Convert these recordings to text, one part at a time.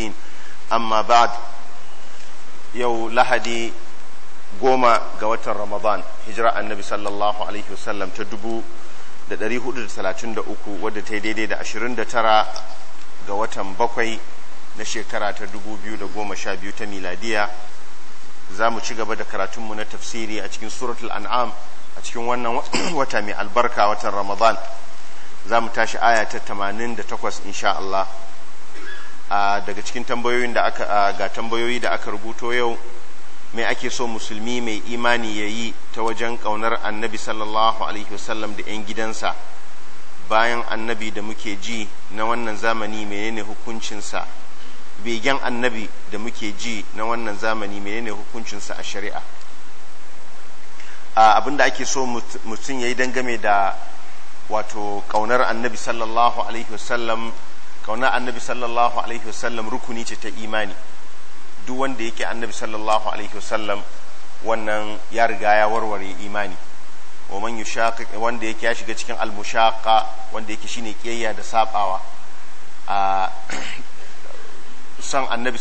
الدين أما بعد يو لحدي goma ga watan ramadan hijira annabi sallallahu alaihi wasallam ta dubu da dari hudu da talatin da uku wadda ta yi daidai da ashirin da tara ga watan bakwai na shekara ta dubu biyu da goma sha biyu ta miladiya za mu ci gaba da karatunmu na tafsiri a cikin suratul an'am a cikin wannan wata mai albarka watan ramadan za mu tashi aya ta tamanin da takwas insha Allah daga cikin tambayoyin da aka ga tambayoyi da aka rubuto yau mai ake so musulmi mai imani ya yi ta wajen ƙaunar annabi sallallahu alaihi wasallam da 'yan gidansa bayan annabi da muke ji na wannan zamani menene hukuncinsa begen annabi da muke ji na wannan zamani menene hukuncinsa a shari'a abin da ake so mutum ya yi dangame da wato ƙaunar annabi sallallahu alaihi wasallam kauna annabi sallallahu alaihi wasallam rukuni ce ta imani duk wanda yake annabi sallallahu alaihi wasallam wannan ya riga ya warware imani wa man yushaqiq wanda yake ya shiga cikin almushaka wanda yake shine kiyayya da sabawa a san annabi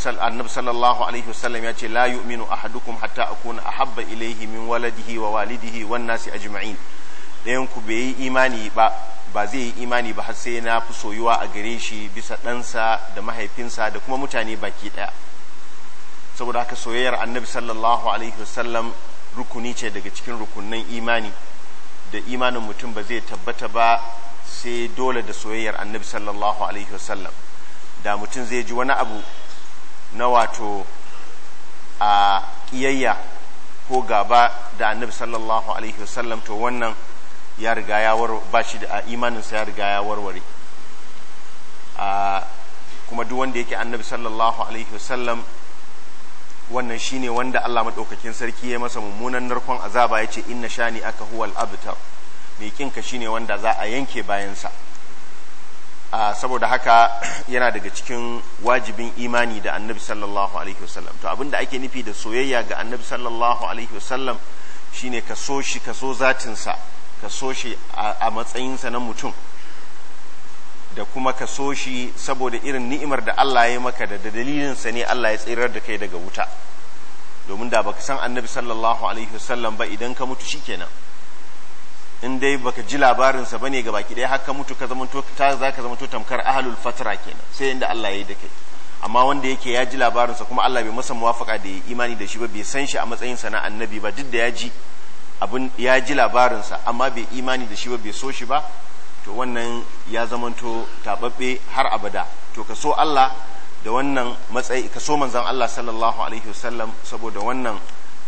sallallahu alaihi wasallam ya ce la yu'minu ahadukum hatta akuna ahabba ilayhi min waladihi wa walidihi wan nasi ajma'in dayan ku bai yi imani ba ba zai yi imani ba har sai na fi soyuwa a gare shi bisa ɗansa da mahaifinsa da kuma mutane baki ɗaya saboda haka soyayyar annabi sallallahu alaihi wasallam rukuni ce daga cikin rukunan imani da imanin mutum ba zai tabbata ba sai dole da soyayyar annabi sallallahu alaihi wasallam da mutum zai ji wani abu na wato a ƙiyayya ko gaba da annabi sallallahu alaihi wasallam to wannan ya riga ya war ba shi da imanin sa ya riga ya warware a kuma duk wanda yake annabi sallallahu alaihi wasallam wannan shine wanda Allah madaukakin sarki ya masa mummunan narkon azaba yace inna shani aka huwal abtar mai kinka shine wanda za a yanke bayansa a saboda haka yana daga cikin wajibin imani da annabi sallallahu alaihi wasallam to abinda ake nufi da soyayya ga annabi sallallahu alaihi wasallam shine ka so shi ka so zatinsa ka so shi a matsayinsa na mutum da kuma ka so shi saboda irin ni'imar da Allah ya yi maka da dalilinsa ne Allah ya tsirar da kai daga wuta domin da baka san annabi sallallahu alaihi wasallam ba idan ka mutu kenan in dai baka ji labarinsa ba ne gabaki ɗaya har ka mutu ka zamanto ta za ka to tamkar ahalul fatra kenan sai inda Allah ya yi da kai amma wanda yake ya ji labarinsa kuma Allah bai masa muwafaka da ya imani da shi ba bai san shi a matsayinsa na annabi ba duk da ya ji abin ya ji labarinsa amma bai imani da shi ba bai so shi ba to wannan ya zamanto tababbe har abada to ka so Allah da wannan matsayi ka so manzon Allah sallallahu alaihi wasallam saboda wannan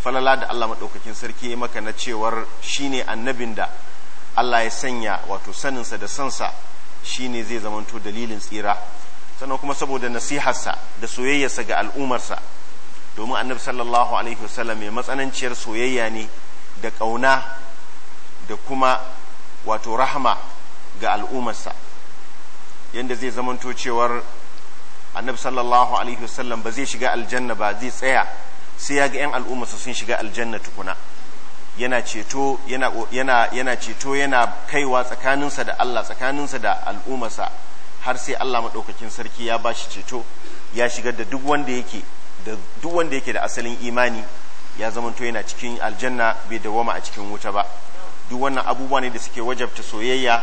falala da Allah madaukakin sarki ya maka na cewar shine annabin da Allah ya sanya wato saninsa da sansa shine zai zamanto dalilin tsira sannan kuma saboda nasiharsa da soyayyarsa ga al'ummarsa domin annabi sallallahu alaihi wasallam mai matsananciyar soyayya ne da ƙauna da kuma wato rahama ga al'ummarsa yadda zai zamanto cewar annabi sallallahu alaihi wasallam ba zai shiga aljanna ba zai tsaya sai ya ga 'yan al'ummarsa sun shiga aljanna tukuna yana ceto yana ceto yana kaiwa tsakaninsa da Allah tsakaninsa da al'ummarsa har sai Allah madaukakin sarki ya ba shi ceto ya shigar da duk wanda yake da asalin imani ya zamanto yana cikin aljanna bai dawama a cikin wuta ba duk wannan abubuwa ne da suke wajabta soyayya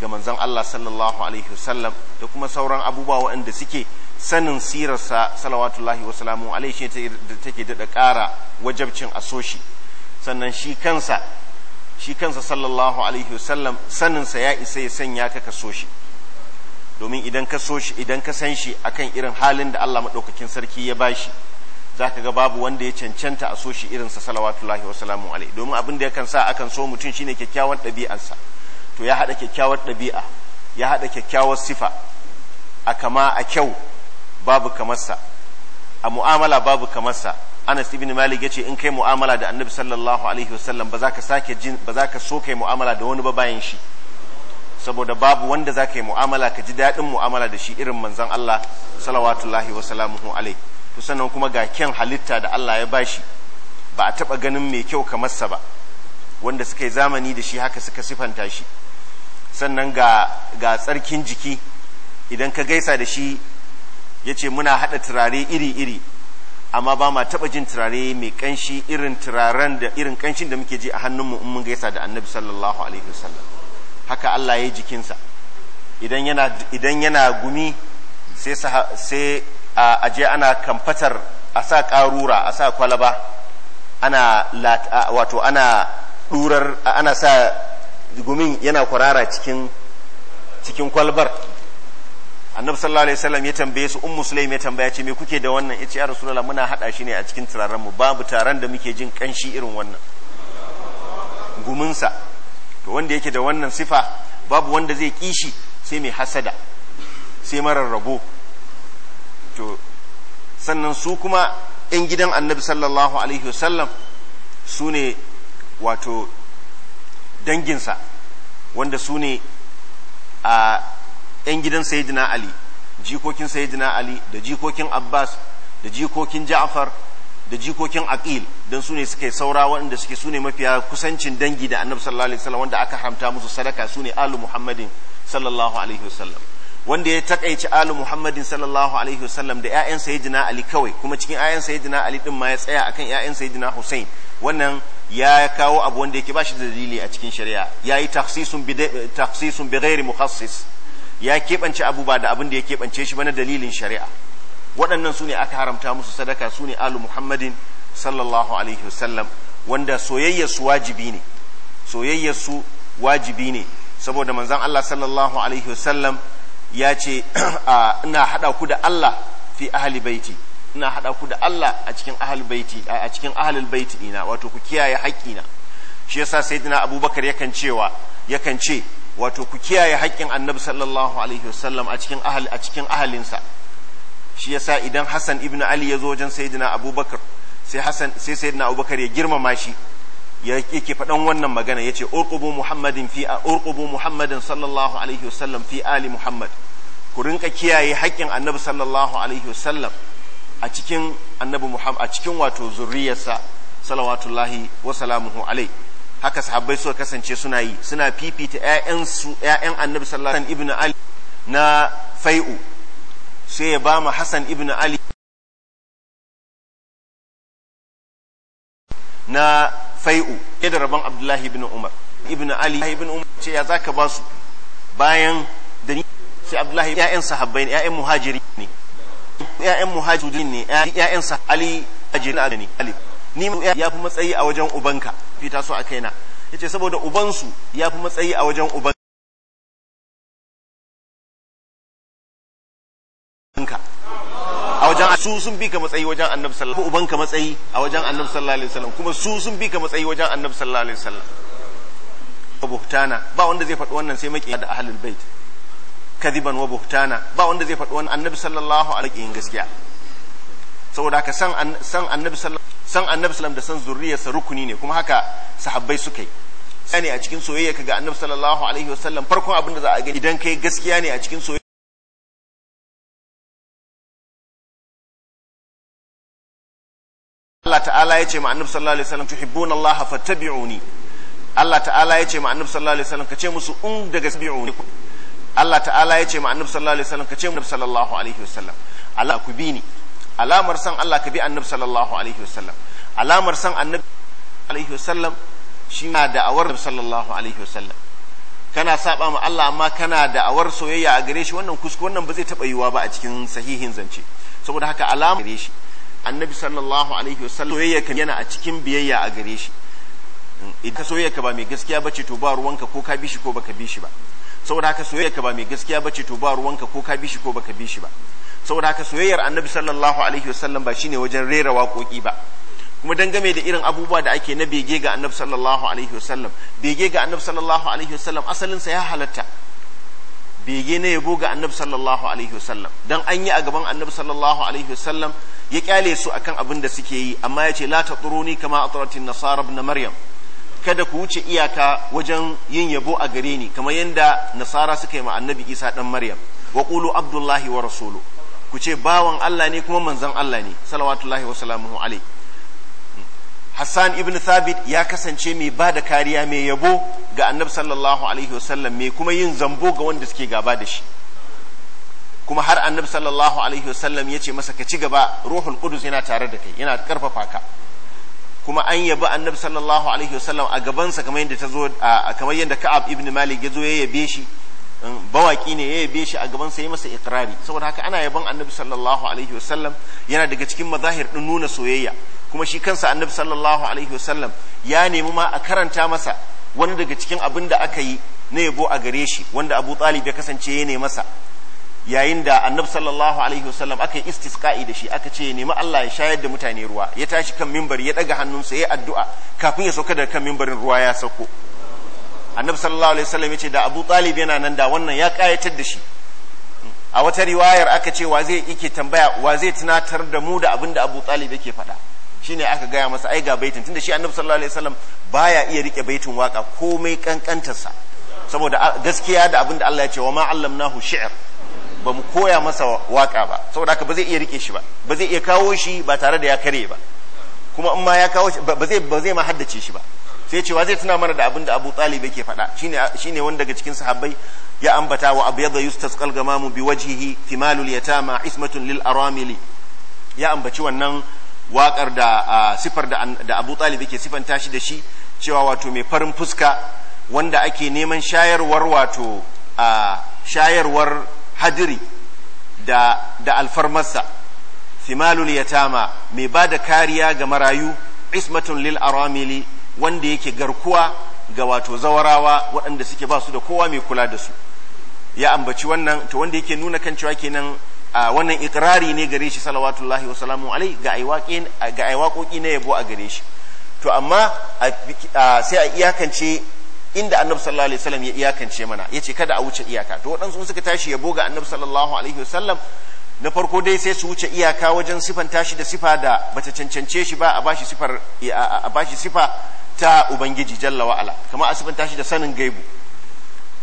ga manzon Allah sallallahu alaihi wasallam da kuma sauran abubuwa waɗanda suke sanin sirarsa salawatullahi wa salamu alaihi da take daɗa ƙara wajabcin asoshi sannan shi kansa shi kansa sallallahu alaihi wasallam saninsa ya isa ya sanya ka kaso shi domin idan ka so shi idan ka san shi akan irin halin da Allah madaukakin sarki ya bashi shi za ka ga babu wanda ya cancanta a so shi irinsa salawatullahi wasalamu alai domin abin da yakan sa akan so mutum shine kyakkyawar ɗabi'arsa to ya haɗa kyakkyawar ɗabi'a ya haɗa kyakkyawar sifa a kama a kyau babu kamarsa a mu'amala babu kamarsa anas ibn malik ya ce in kai mu'amala da annabi sallallahu alaihi wasallam ba za ka ba za ka so kai mu'amala da wani ba bayan shi saboda babu wanda za ka yi mu'amala ka ji daɗin mu'amala da shi irin manzon Allah salawatullahi wa salamuhu alaihi kusanan sannan kuma ga kyan halitta da Allah ya bashi ba a taɓa ganin mai kyau kamar sa ba wanda suka yi zamani da shi haka suka sifanta shi sannan ga ga tsarkin jiki idan ka gaisa da shi ya ce muna haɗa turare iri-iri amma ba ma taba jin turare mai ƙanshi irin turaren da irin ƙanshin da muke ji a hannunmu in mun gaisa da annabi sallallahu alaihi wasallam haka Allah ya yi jikinsa idan yana gumi sai a je ana kamfatar a sa ƙarura a sa kwalaba ana wato ana durar ana sa gumin yana kwarara cikin cikin kwalbar annabi sallallahu alaihi wasallam ya tambaye su ummu sulaim ya tambaya ce me kuke da wannan yace ya rasulullah muna hada shi ne a cikin turaren mu babu taron da muke jin kanshi irin wannan guminsa to wanda yake da wannan sifa babu wanda zai kishi sai mai hasada sai marar rabo sannan su kuma 'yan gidan annabi sallallahu alaihi wasallam su ne wato danginsa wanda su ne a 'yan gidan sayidina ali jikokin sayidina ali da jikokin abbas da jikokin ja'far da jikokin aqil don su ne suke saura waɗanda suke su ne mafiya kusancin dangi da annabi sallallahu alaihi wasallam wanda aka haramta musu sadaka su ne alu muhammadin sallallahu alaihi wasallam wanda ya takaici alu muhammadin sallallahu alaihi wasallam da ƴaƴan sayyidina ali kawai kuma cikin ƴaƴan sayyidina ali din ma ya tsaya akan ƴaƴan sayyidina husain wannan ya kawo abu wanda yake bashi da dalili a cikin shari'a yayi takhsisun bi takhsisun bi ghairi mukhassis ya keɓance abu ba da abin da ya keɓance shi ba na dalilin shari'a waɗannan su ne aka haramta musu sadaka su ne alu muhammadin sallallahu alaihi wasallam wanda soyayya su wajibi ne soyayya su wajibi ne saboda manzon Allah sallallahu alaihi wasallam ya ce ah, ina hada ku da Allah fi ahli baiti ina hada ku da Allah a cikin ahli baiti a cikin ahli baiti ina wato ku kiyaye haƙƙina shi yasa sayyidina abubakar yakan cewa yakan ce wato ku kiyaye haƙƙin annabi sallallahu alaihi wasallam a cikin ahli a cikin ahlinsa shi yasa idan Hassan ibn Ali ya zo wajen sayyidina abubakar sai Hassan sai sayyidina abubakar ya girmama shi yake faɗan wannan magana ya ce urqubu muhammadin fi urqubu muhammadin sallallahu alaihi wasallam fi ali muhammad ku rinka kiyaye haƙƙin annabi sallallahu alaihi wasallam a cikin annabi muhammad a cikin wato zurriyarsa salawatullahi wa salamuhu alai haka sahabbai suka kasance suna yi suna fifita ƴaƴan su ƴaƴan annabi sallallahu alaihi ibn ali na fai'u sai ya ba mu hasan ibn ali na fai'u ya da rabon abdullahi ibn umar ibn ali ibn umar ce ya zaka ba su bayan da ni sai abdullahi ya'yan sahabbai ne ya'yan muhajiri ne ya'yan muhajiri ne ya'yan sa ali ajiri da ni ali ni ya fi matsayi a wajen ubanka fita su a kaina yace saboda ubansu ya fi matsayi a wajen ubanka jama'a su sun bi ka matsayi wajen annabi sallallahu alaihi ubanka matsayi a wajen annabi sallallahu alaihi wasallam kuma su sun bi ka matsayi wajen annabi sallallahu alaihi wasallam buhtana ba wanda zai faɗi wannan sai maki da ahlul bait kadiban wa buhtana ba wanda zai faɗi wannan annabi sallallahu alaihi gaskiya saboda haka san san annabi sallallahu san annabi sallallahu da san zurriyarsa rukuni ne kuma haka sahabbai suka yi sani a cikin soyayya kaga annabi sallallahu alaihi wasallam farkon abin da za a gani idan kai gaskiya ne a cikin soyayya ta'ala ya ce ma annabi sallallahu alaihi wasallam tuhibbuna Allah fattabi'uni Allah ta'ala ya ce ma annabi sallallahu alaihi wasallam musu daga tabi'uni Allah ta'ala ya ce ma annabi sallallahu alaihi wasallam annabi sallallahu alaihi wasallam Allah ku bi ni alamar san Allah ka bi annabi sallallahu alaihi wasallam alamar san annabi alaihi wasallam shi na da'awar sallallahu alaihi wasallam kana saba ma Allah amma kana da'awar soyayya a gare shi wannan kuskure wannan ba zai taba yiwa ba a cikin sahihin zance saboda haka alamar gare shi annabi sallallahu alaihi wasallam soyayya kan yana a cikin biyayya a gare shi idan soyayya ka ba mai gaskiya bace to ba ruwanka ko ka bishi ko baka bishi ba saboda haka soyayya ka ba mai gaskiya bace to ba ruwanka ko ka bishi ko baka bishi ba saboda haka soyayyar annabi sallallahu alaihi wasallam ba shine wajen rera waƙoƙi ba kuma dangane da irin abubuwa da ake na bege ga annabi sallallahu alaihi wasallam bege ga annabi sallallahu alaihi wasallam asalin sa ya halatta bege na yabo ga annabi sallallahu alaihi wasallam dan an yi a gaban annabi sallallahu alaihi wasallam ya kyale su akan abin da suke yi amma ya ce la tatruni kama atratin nasara ibn maryam kada ku wuce iyaka wajen yin yabo a gare ni kamar yadda nasara suka yi ma annabi isa dan maryam wa qulu abdullahi wa rasulu ku ce bawan Allah ne kuma manzon Allah ne salawatullahi wa salamuhu alaihi Hassan ibn Thabit ya kasance mai ba da kariya mai yabo ga annab sallallahu alaihi wasallam mai kuma yin zambo ga wanda suke gaba da shi kuma har annab sallallahu alaihi wasallam ya ce masa ka ci gaba ruhul Kudus yana tare da kai yana karfafa ka kuma an yabi annabi sallallahu alaihi wasallam a gabansa kamar yadda kamar yadda Ka'ab ibn Malik ya zo ya yabe shi bawaki ne ya yabe shi a gaban sa ya masa ikrari saboda haka ana yabon annabi sallallahu alaihi wasallam yana daga cikin mazahir din nuna soyayya kuma shi kansa annabi sallallahu alaihi wasallam ya nemi ma a karanta masa wani daga cikin abin da aka yi na yabo a gare shi wanda Abu Talib ya kasance ya ne masa yayin da annabi sallallahu alaihi wasallam aka yi istisqa'i da shi aka ce nemi Allah ya shayar da mutane ruwa ya tashi kan mimbar ya daga hannunsa ya addu'a kafin ya sauka daga kan mimbarin ruwa ya sauko annabi sallallahu alaihi wasallam yace da Abu Talib yana nan da wannan ya kayatar da shi a wata riwayar aka ce wa zai yake tambaya wa zai tunatar da mu da abin da Abu Talib yake faɗa shine aka gaya masa ai ga baitin tunda shi annabi sallallahu alaihi wasallam baya iya rike baitin waka komai kankantarsa saboda gaskiya da abin da Allah ya ce wa ma allamnahu shi'r ba mu koya masa waka ba saboda haka ba zai iya rike shi ba ba zai iya kawo shi ba tare da ya kare ba kuma in ma ya kawo shi ba zai ba zai ma haddace shi ba sai cewa zai tuna mana da abin da Abu Talib yake faɗa shine ne wanda daga cikin sahabbai ya ambata wa abu bi wajihi gamamu biwajhihi ya yatama ismatun lil aramili ya ambaci wannan waƙar da sifar da Abu Talib ke sifanta shi da shi cewa wato mai farin fuska wanda ake neman shayarwar wato shayarwar hadiri da da alfarmarsa ya yatama mai ba da kariya ga marayu ismatun lil aramili wanda yake garkuwa ga wato zawarawa waɗanda suke ba su da kowa mai kula da su ya ambaci wannan to wanda yake nuna kan cewa kenan a wannan ikrari ne gare shi salawatullahi wa salamu alai ga aiwaƙoƙi na yabo a gare shi to amma sai a iyakance inda annabi sallallahu alaihi wasallam ya iyakance mana yace kada a wuce iyaka to waɗansu suka tashi yabo ga annabi sallallahu alaihi wasallam na farko dai sai su wuce iyaka wajen sifanta shi da sifa da bata cancance shi ba a bashi sifar a bashi sifa ta ubangiji jalla wa'ala kamar a sifanta shi da sanin gaibu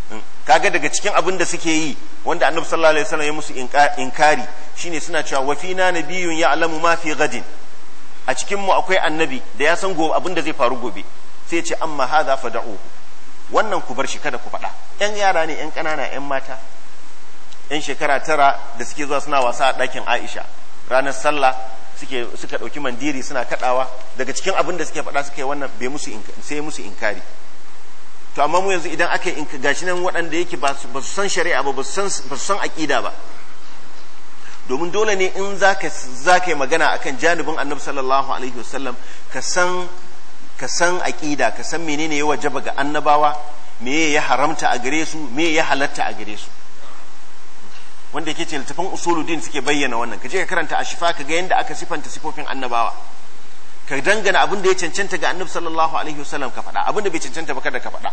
hmm. kaga daga cikin abin da suke yi wanda annabi sallallahu alaihi wasallam ya musu inkari shine suna cewa wa fina nabiyyun ya'lamu ma fi gadin a cikin mu akwai annabi da ya san gobe abin da zai faru gobe sai ya ce amma hadha fad'uhu wannan ku bar shi kada ku faɗa yan yara ne yan ƙanana yan mata 'yan shekara tara da suke zuwa suna wasa a ɗakin aisha ranar sallah suke suka ɗauki mandiri suna kaɗawa daga cikin abin da suke faɗa suka yi wannan bai musu sai musu inkari to amma mu yanzu idan aka yi gashi nan waɗanda yake ba su san shari'a ba ba su san aƙida ba domin dole ne in za ka yi magana akan janibin annabi sallallahu alaihi wasallam ka san ka san aƙida ka san menene ya wajaba ga annabawa me ya haramta a gare su me ya halatta a gare su wanda yake ce littafin usuluddin suke bayyana wannan ka je ka karanta a shifa ka ga yadda aka sifanta sifofin annabawa ka dangana abin da ya cancanta ga annabi sallallahu alaihi wasallam ka faɗa abin da bai cancanta ba kada ka faɗa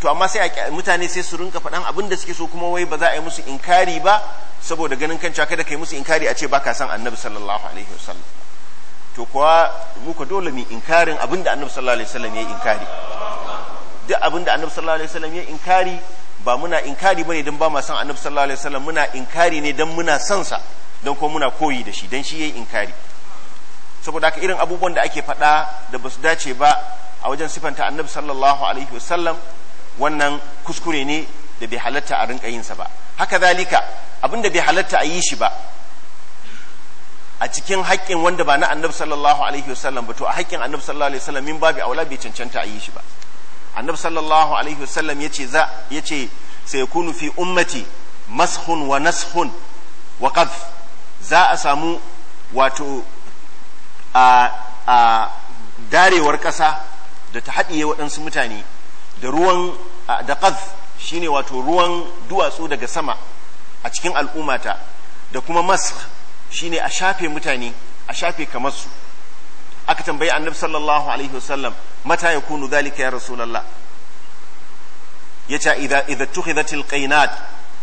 to amma sai mutane sai su rinka faɗan abin da suke so kuma wai ba za a yi musu inkari ba saboda ganin kan kada ka yi musu inkari a ce baka san annabi sallallahu alaihi wasallam to kuwa ka dole mu inkarin abin da annabi sallallahu alaihi wasallam ya inkari duk abin da annabi sallallahu alaihi wasallam ya inkari ba muna inkari bane dan ba ma san annabi sallallahu alaihi wasallam muna inkari ne dan muna san sa dan kuma muna koyi da shi dan shi yayi inkari saboda haka irin abubuwan da ake faɗa da basu dace ba a wajen sifanta annabi sallallahu alaihi wasallam wannan kuskure ne da bai halatta a rinka yin sa ba haka zalika abinda bai halatta a yi shi ba a cikin haƙƙin wanda ba na annabi sallallahu alaihi wasallam ba to a haƙƙin annabi sallallahu alaihi wasallam min babu aula bai cancanta a yi shi ba annabi sallallahu alaihi wasallam yace za yace kunu fi ummati mashun wa nashun wa qadf za a samu wato a a darewar ƙasa da ta haɗiye waɗansu mutane da ruwan da qadf shine wato ruwan duwatsu daga sama a cikin al'ummata da kuma mask shine a shafe mutane a shafe kamar su aka tambayi annabi sallallahu alaihi wasallam mata kunu dhalika ya rasulallah yace idza idza tukhidatil qainat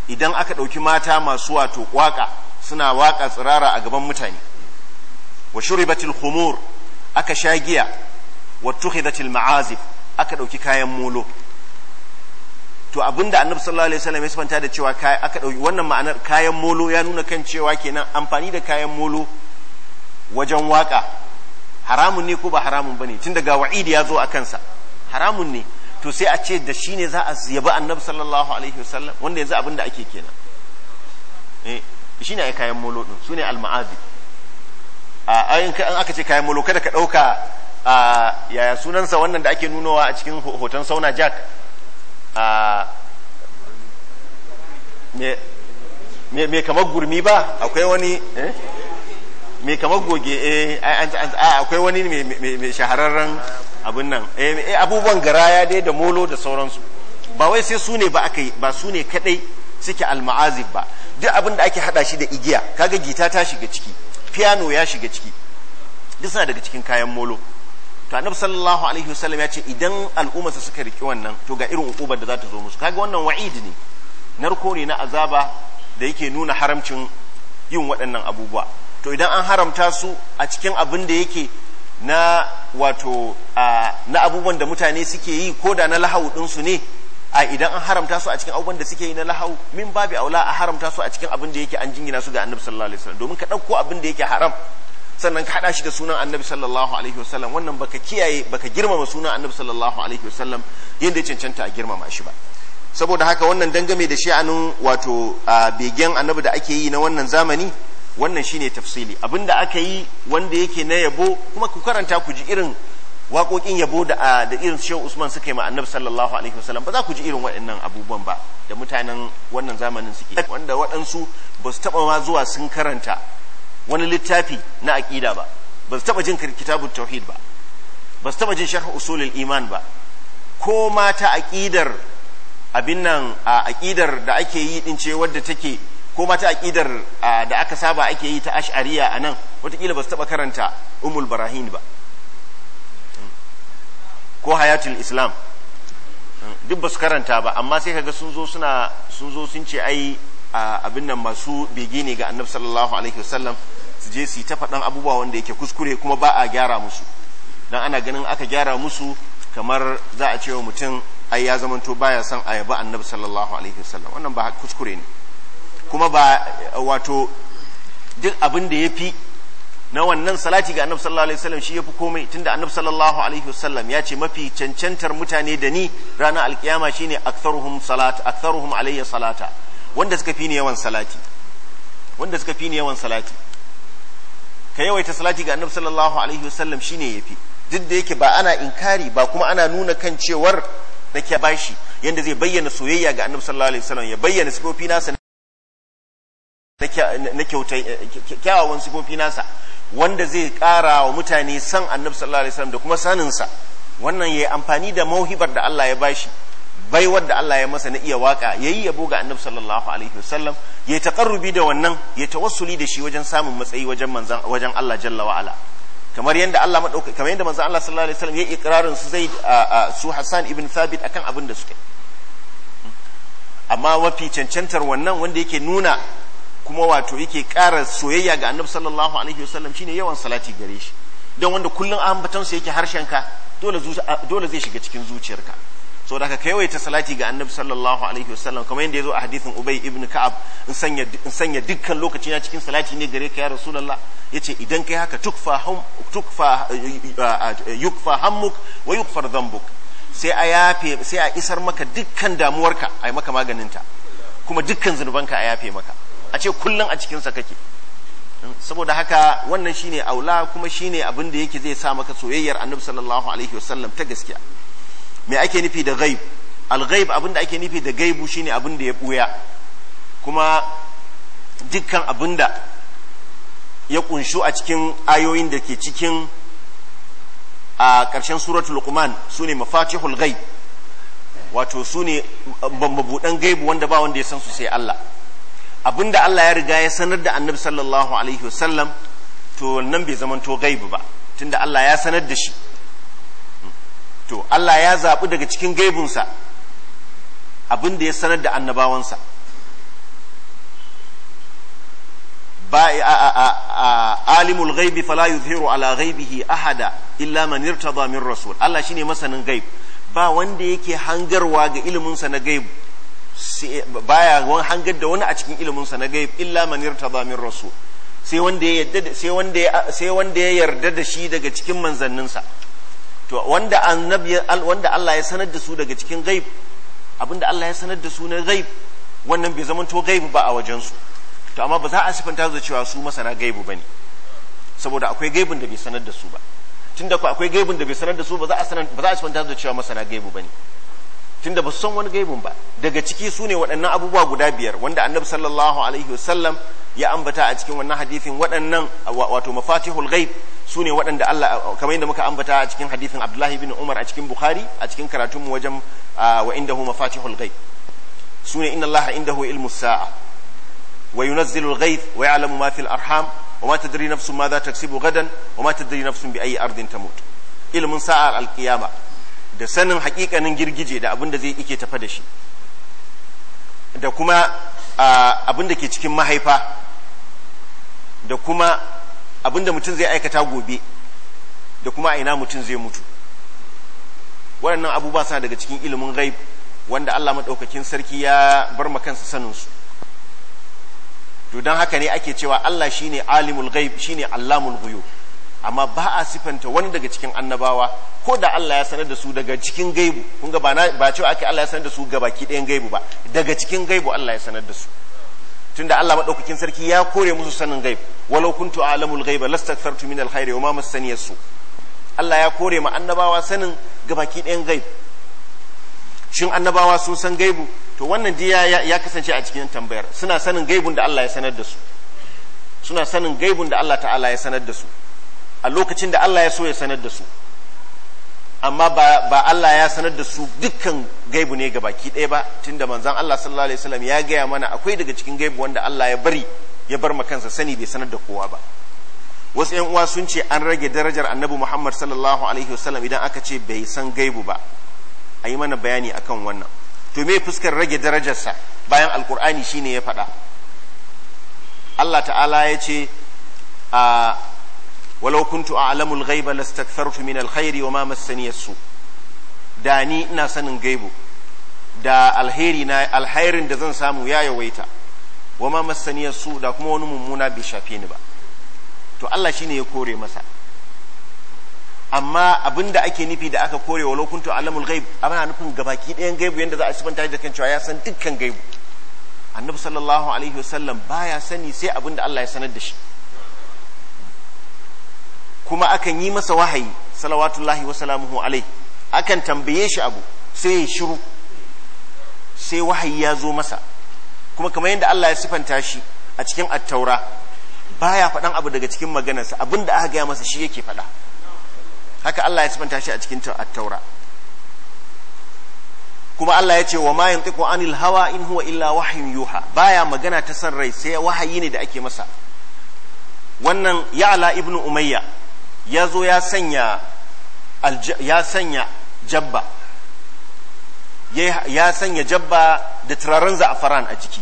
idan aka dauki mata masu wato waka suna waka tsirara a gaban mutane wa shuribatil khumur aka sha giya wa tukhidatil ma'azif aka dauki kayan molo to abinda annabi sallallahu alaihi wasallam ya sifanta da cewa aka dauki wannan ma'anar kayan molo ya nuna kan cewa kenan amfani da kayan molo wajen waka haramun ne ko ba haramun bane tun daga wa'idi ya zo a kansa haramun ne to sai a ce da shine za a yabi annabi sallallahu alaihi wasallam wanda yanzu abin da ake kenan eh shine ai kayan molo din sune al-ma'azi a ayin an aka ce kayan molo kada ka dauka a yaya sunansa wannan da ake nunowa a cikin hoton sauna jack a me me kamar gurmi ba akwai wani eh mai kamar goge eh, akwai wani mai shahararren abin nan eh, eh, abubuwan garaya dai da molo da sauransu ba wai sai su ne ba aka yi ba su kadai suke alma'azif ba duk abin da ake hada shi da igiya kaga gita ta shiga ciki piano ya shiga ciki duk suna daga cikin kayan molo to annabi sallallahu alaihi wasallam ya ce idan al'ummarsa suka riki wannan to ga irin ukubar da za ta zo musu kaga wannan wa'idi ne narko ne na azaba da yake nuna haramcin yin waɗannan abubuwa to idan an haramta su a cikin abin da yake na wato na abubuwan da mutane suke yi ko da na lahau ɗinsu ne a idan an haramta su a cikin abubuwan da suke yi na lahau min babi aula a haramta su a cikin abin da yake an jingina su ga annabi sallallahu alaihi wasallam domin ka ɗauko abin da yake haram sannan ka hada shi da sunan annabi sallallahu alaihi wasallam wannan baka kiyaye baka girmama sunan annabi sallallahu alaihi wasallam yadda ya cancanta a girmama shi ba saboda haka wannan dangame da sha'anin wato begen annabi da ake yi na wannan zamani wannan shine tafsili abinda aka yi wanda yake na yabo kuma ku karanta ku ji irin waƙoƙin yabo da da irin shehu usman suka yi ma annabi sallallahu alaihi wasallam ba za ku ji irin waɗannan abubuwan ba da mutanen wannan zamanin suke wanda waɗansu ba su taɓa ma zuwa sun karanta wani littafi na aƙida ba ba su taɓa jin kitabun tauhid ba ba su taɓa jin sharh usulul iman ba ko ma ta aƙidar abin nan a aƙidar da ake yi din ce wadda take ko ma ta aqidar da aka saba ake yi ta ash'ariya anan watakila ba su taba karanta umul barahin ba ko hayatul islam duk ba su karanta ba amma sai kaga sun zo suna sun zo sun ce ai abin nan masu bege ne ga annabi sallallahu alaihi wasallam su je su ta faɗan abubuwa wanda yake kuskure kuma ba a gyara musu dan ana ganin aka gyara musu kamar za a ce wa mutum ai ya zamanto baya son ayaba annabi sallallahu alaihi wasallam wannan ba kuskure ne kuma ba wato duk abin da ya fi na wannan salati ga annabi sallallahu alaihi wasallam shi yafi komai tunda annabi sallallahu alaihi wasallam ya ce mafi cancantar mutane da ni ranar alkiyama shine aktharuhum salat aktharuhum alayya salata wanda suka fi ni yawan salati wanda suka fi ni yawan salati ka yawaita salati ga annabi sallallahu alaihi wasallam shine yafi duk da yake ba ana inkari ba kuma ana nuna kan cewar da ke bashi yanda zai bayyana soyayya ga annabi sallallahu alaihi wasallam ya bayyana sifofi nasa na kyawawan sifofi nasa wanda zai kara wa mutane san annabi sallallahu alaihi wasallam da kuma saninsa wannan ya yi amfani da mauhibar da Allah ya bashi bai wanda Allah ya masa na iya waka yayi yabo ga annabi sallallahu alaihi wasallam ya taqarrubi da wannan ya tawassuli da shi wajen samun matsayi wajen manzan wajen Allah jalla wa ala kamar yadda Allah madauka kamar yadda manzon Allah sallallahu alaihi wasallam ya ikrarin su zai su Hassan ibn Thabit akan abin da suke amma wafi cancantar wannan wanda yake nuna kuma wato yake ƙara soyayya ga annabi sallallahu alaihi wasallam shine yawan salati gare shi don wanda kullum ambatan sa yake harshen ka dole dole zai shiga cikin zuciyarka so da ka yawaita salati ga annabi sallallahu alaihi wasallam kamar yadda yazo a hadithin ubay ibn ka'ab in sanya in sanya dukkan lokaci na cikin salati ne gare ka ya rasulullah yace idan kai haka tukfa hum tukfa yukfa hammuk wa yukfar dhanbuk sai a yafe sai a isar maka dukkan damuwarka ai maka maganinta kuma dukkan zunubanka a yafe maka a ce kullum a cikinsa kake saboda haka wannan shine aula kuma shine abin da yake zai sa maka soyayyar annabi sallallahu alaihi wasallam ta gaskiya me ake nufi da ghaib al-ghaib abin da ake nufi da gaibu shine abin da ya buya kuma dukkan abin da ya kunshu a cikin ayoyin da ke cikin a ƙarshen suratul luqman sune mafatihul ghaib wato sune mabudan ghaibu wanda ba wanda ya san su sai Allah abinda Allah ya riga ya sanar da annabi sallallahu alaihi wasallam to nan bai zaman to gaibu ba tunda Allah ya sanar da shi to Allah ya zaɓi daga cikin gaibunsa abinda ya sanar da annabawansa ba alimul ghaibi fala yuzhiru ala ghaibihi ahada illa man irtada min rasul Allah shine masanin gaib ba wanda yake hangarwa ga iliminsa na gaibu baya wani hangar da wani a cikin ilimin sa na gaib illa man irtada min rasul sai wanda ya yarda sai wanda ya sai wanda ya yarda da shi daga cikin manzannin sa to wanda annabi wanda Allah ya sanar da su daga cikin gaib abinda Allah ya sanar da su na gaib wannan bai zama to gaib ba a wajen su to amma ba za a sifanta da cewa su masana gaibu bane saboda akwai gaibun da bai sanar da su ba tunda akwai gaibun da bai sanar da su ba za a sanar ba za a sifanta da cewa masana gaibu bane tunda ba su san wani gaibin ba daga ciki su ne waɗannan abubuwa guda biyar wanda annabi sallallahu alaihi wasallam ya ambata a cikin wannan hadithin waɗannan wato mafatihul ghaib su ne waɗanda Allah kamar yadda muka ambata a cikin hadithin Abdullahi bin Umar a cikin Bukhari a cikin karatunmu wajen wa indahu mafatihul ghaib su ne inna Allah indahu ilmu sa'a wa yunazzilu al-ghaib wa ya'lamu ma fil arham wa ma tadri nafsun ma za taksibu gadan wa ma tadri nafsun bi ayi ardin tamut ilmun sa'a al-qiyama da sanin hakikanin girgije da abin da zai ike tafa da shi da kuma abin da ke cikin mahaifa da kuma abin da mutum zai aikata gobe da kuma a ina mutum zai mutu waɗannan abubuwa suna daga cikin ilimin gaib wanda Allah maɗaukakin sarki ya bar makansa saninsu to don haka ne ake cewa Allah shine alimul shi shine allamul guyo. amma ba a sifanta wani daga cikin annabawa ko da Allah ya sanar da su daga cikin gaibu kun ga ba ba cewa ake Allah ya sanar da su ga baki ɗayan gaibu ba daga cikin gaibu Allah ya sanar da su tunda Allah madaukakin sarki ya kore musu sanin gaib walau kuntu a'lamul ghaiba lastakthartu min alkhairi wa ma massani yasu Allah ya kore ma annabawa sanin ga baki ɗayan gaib shin annabawa sun san gaibu to wannan dai ya kasance a cikin tambayar suna sanin gaibun da Allah ya sanar da su suna sanin gaibun da Allah ta'ala ya sanar da su a lokacin da Allah ya so ya sanar da su amma ba Allah ya sanar da su dukkan gaibu ne ga baki ɗaya ba tunda manzon Allah sallallahu alaihi wasallam ya gaya mana akwai daga cikin gaibu wanda Allah ya bari ya bar makansa sani bai sanar da kowa ba wasu yan uwa sun ce an rage darajar annabi Muhammad sallallahu alaihi wasallam idan aka ce bai san gaibu ba a yi mana bayani akan wannan to me fuskar rage darajarsa bayan alkur'ani shine ya faɗa Allah ta'ala ya ce a ah, walau kuntu a'lamul ghaiba lastakthartu min alkhairi wa ma massani da ni ina sanin gaibo da alheri na alhairin da zan samu ya yawaita wa ma massani da kuma wani mummuna bai shafe ni ba to Allah shine ya kore masa amma abinda da ake nufi da aka kore wa lokuntu alamul gaib ana nufin gabaki ɗayan gaibu yadda za a sifanta da kan cewa ya san dukkan gaibo annabi sallallahu alaihi wasallam baya sani sai abinda da Allah ya sanar da shi kuma akan yi masa wahayi salawatullahi wa salamuhu alai akan tambaye shi abu sai ya shiru sai wahayi ya zo masa kuma kamar yadda Allah ya sifanta shi a cikin attaura baya faɗan abu daga cikin maganarsa abin da aka gaya masa shi yake faɗa haka Allah ya sifanta shi a cikin attaura kuma Allah ya ce wa ma yantiqu anil hawa in huwa illa wahyun yuha baya magana ta san rai sai wahayi ne da ake masa wannan ya'la ibnu umayya ya zo ya sanya ya sanya jabba ya sanya jabba da turaren za'afaran a jiki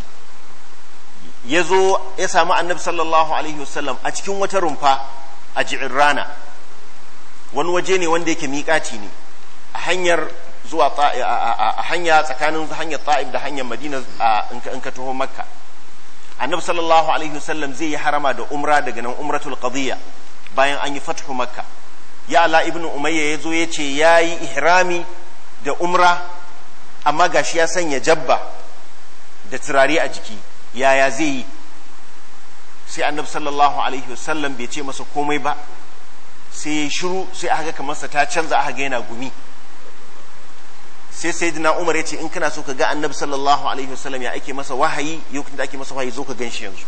ya zo ya samu annabi sallallahu alaihi wasallam a cikin wata rumfa a ji'in rana wani waje ne wanda yake miƙaci ne a hanyar zuwa a hanya tsakanin hanyar ta'ib da hanyar madina in ka taho makka annabi sallallahu alaihi wasallam zai yi harama da umra daga nan umratul qadiyya bayan an yi fatihu makka ya ala ibnu umayya ya zo ya ce ya yi ihrami da umra amma gashi ya sanya jabba da turare a jiki yaya zai yi sai annabi sallallahu alaihi wasallam bai ce masa komai ba sai ya shiru sai aka ga sa ta canza aka ga yana gumi sai sayyidina umar ya ce in kana so ka ga annabi sallallahu alaihi wasallam ya ake masa wahayi yau da ake masa wahayi zo ka gan yanzu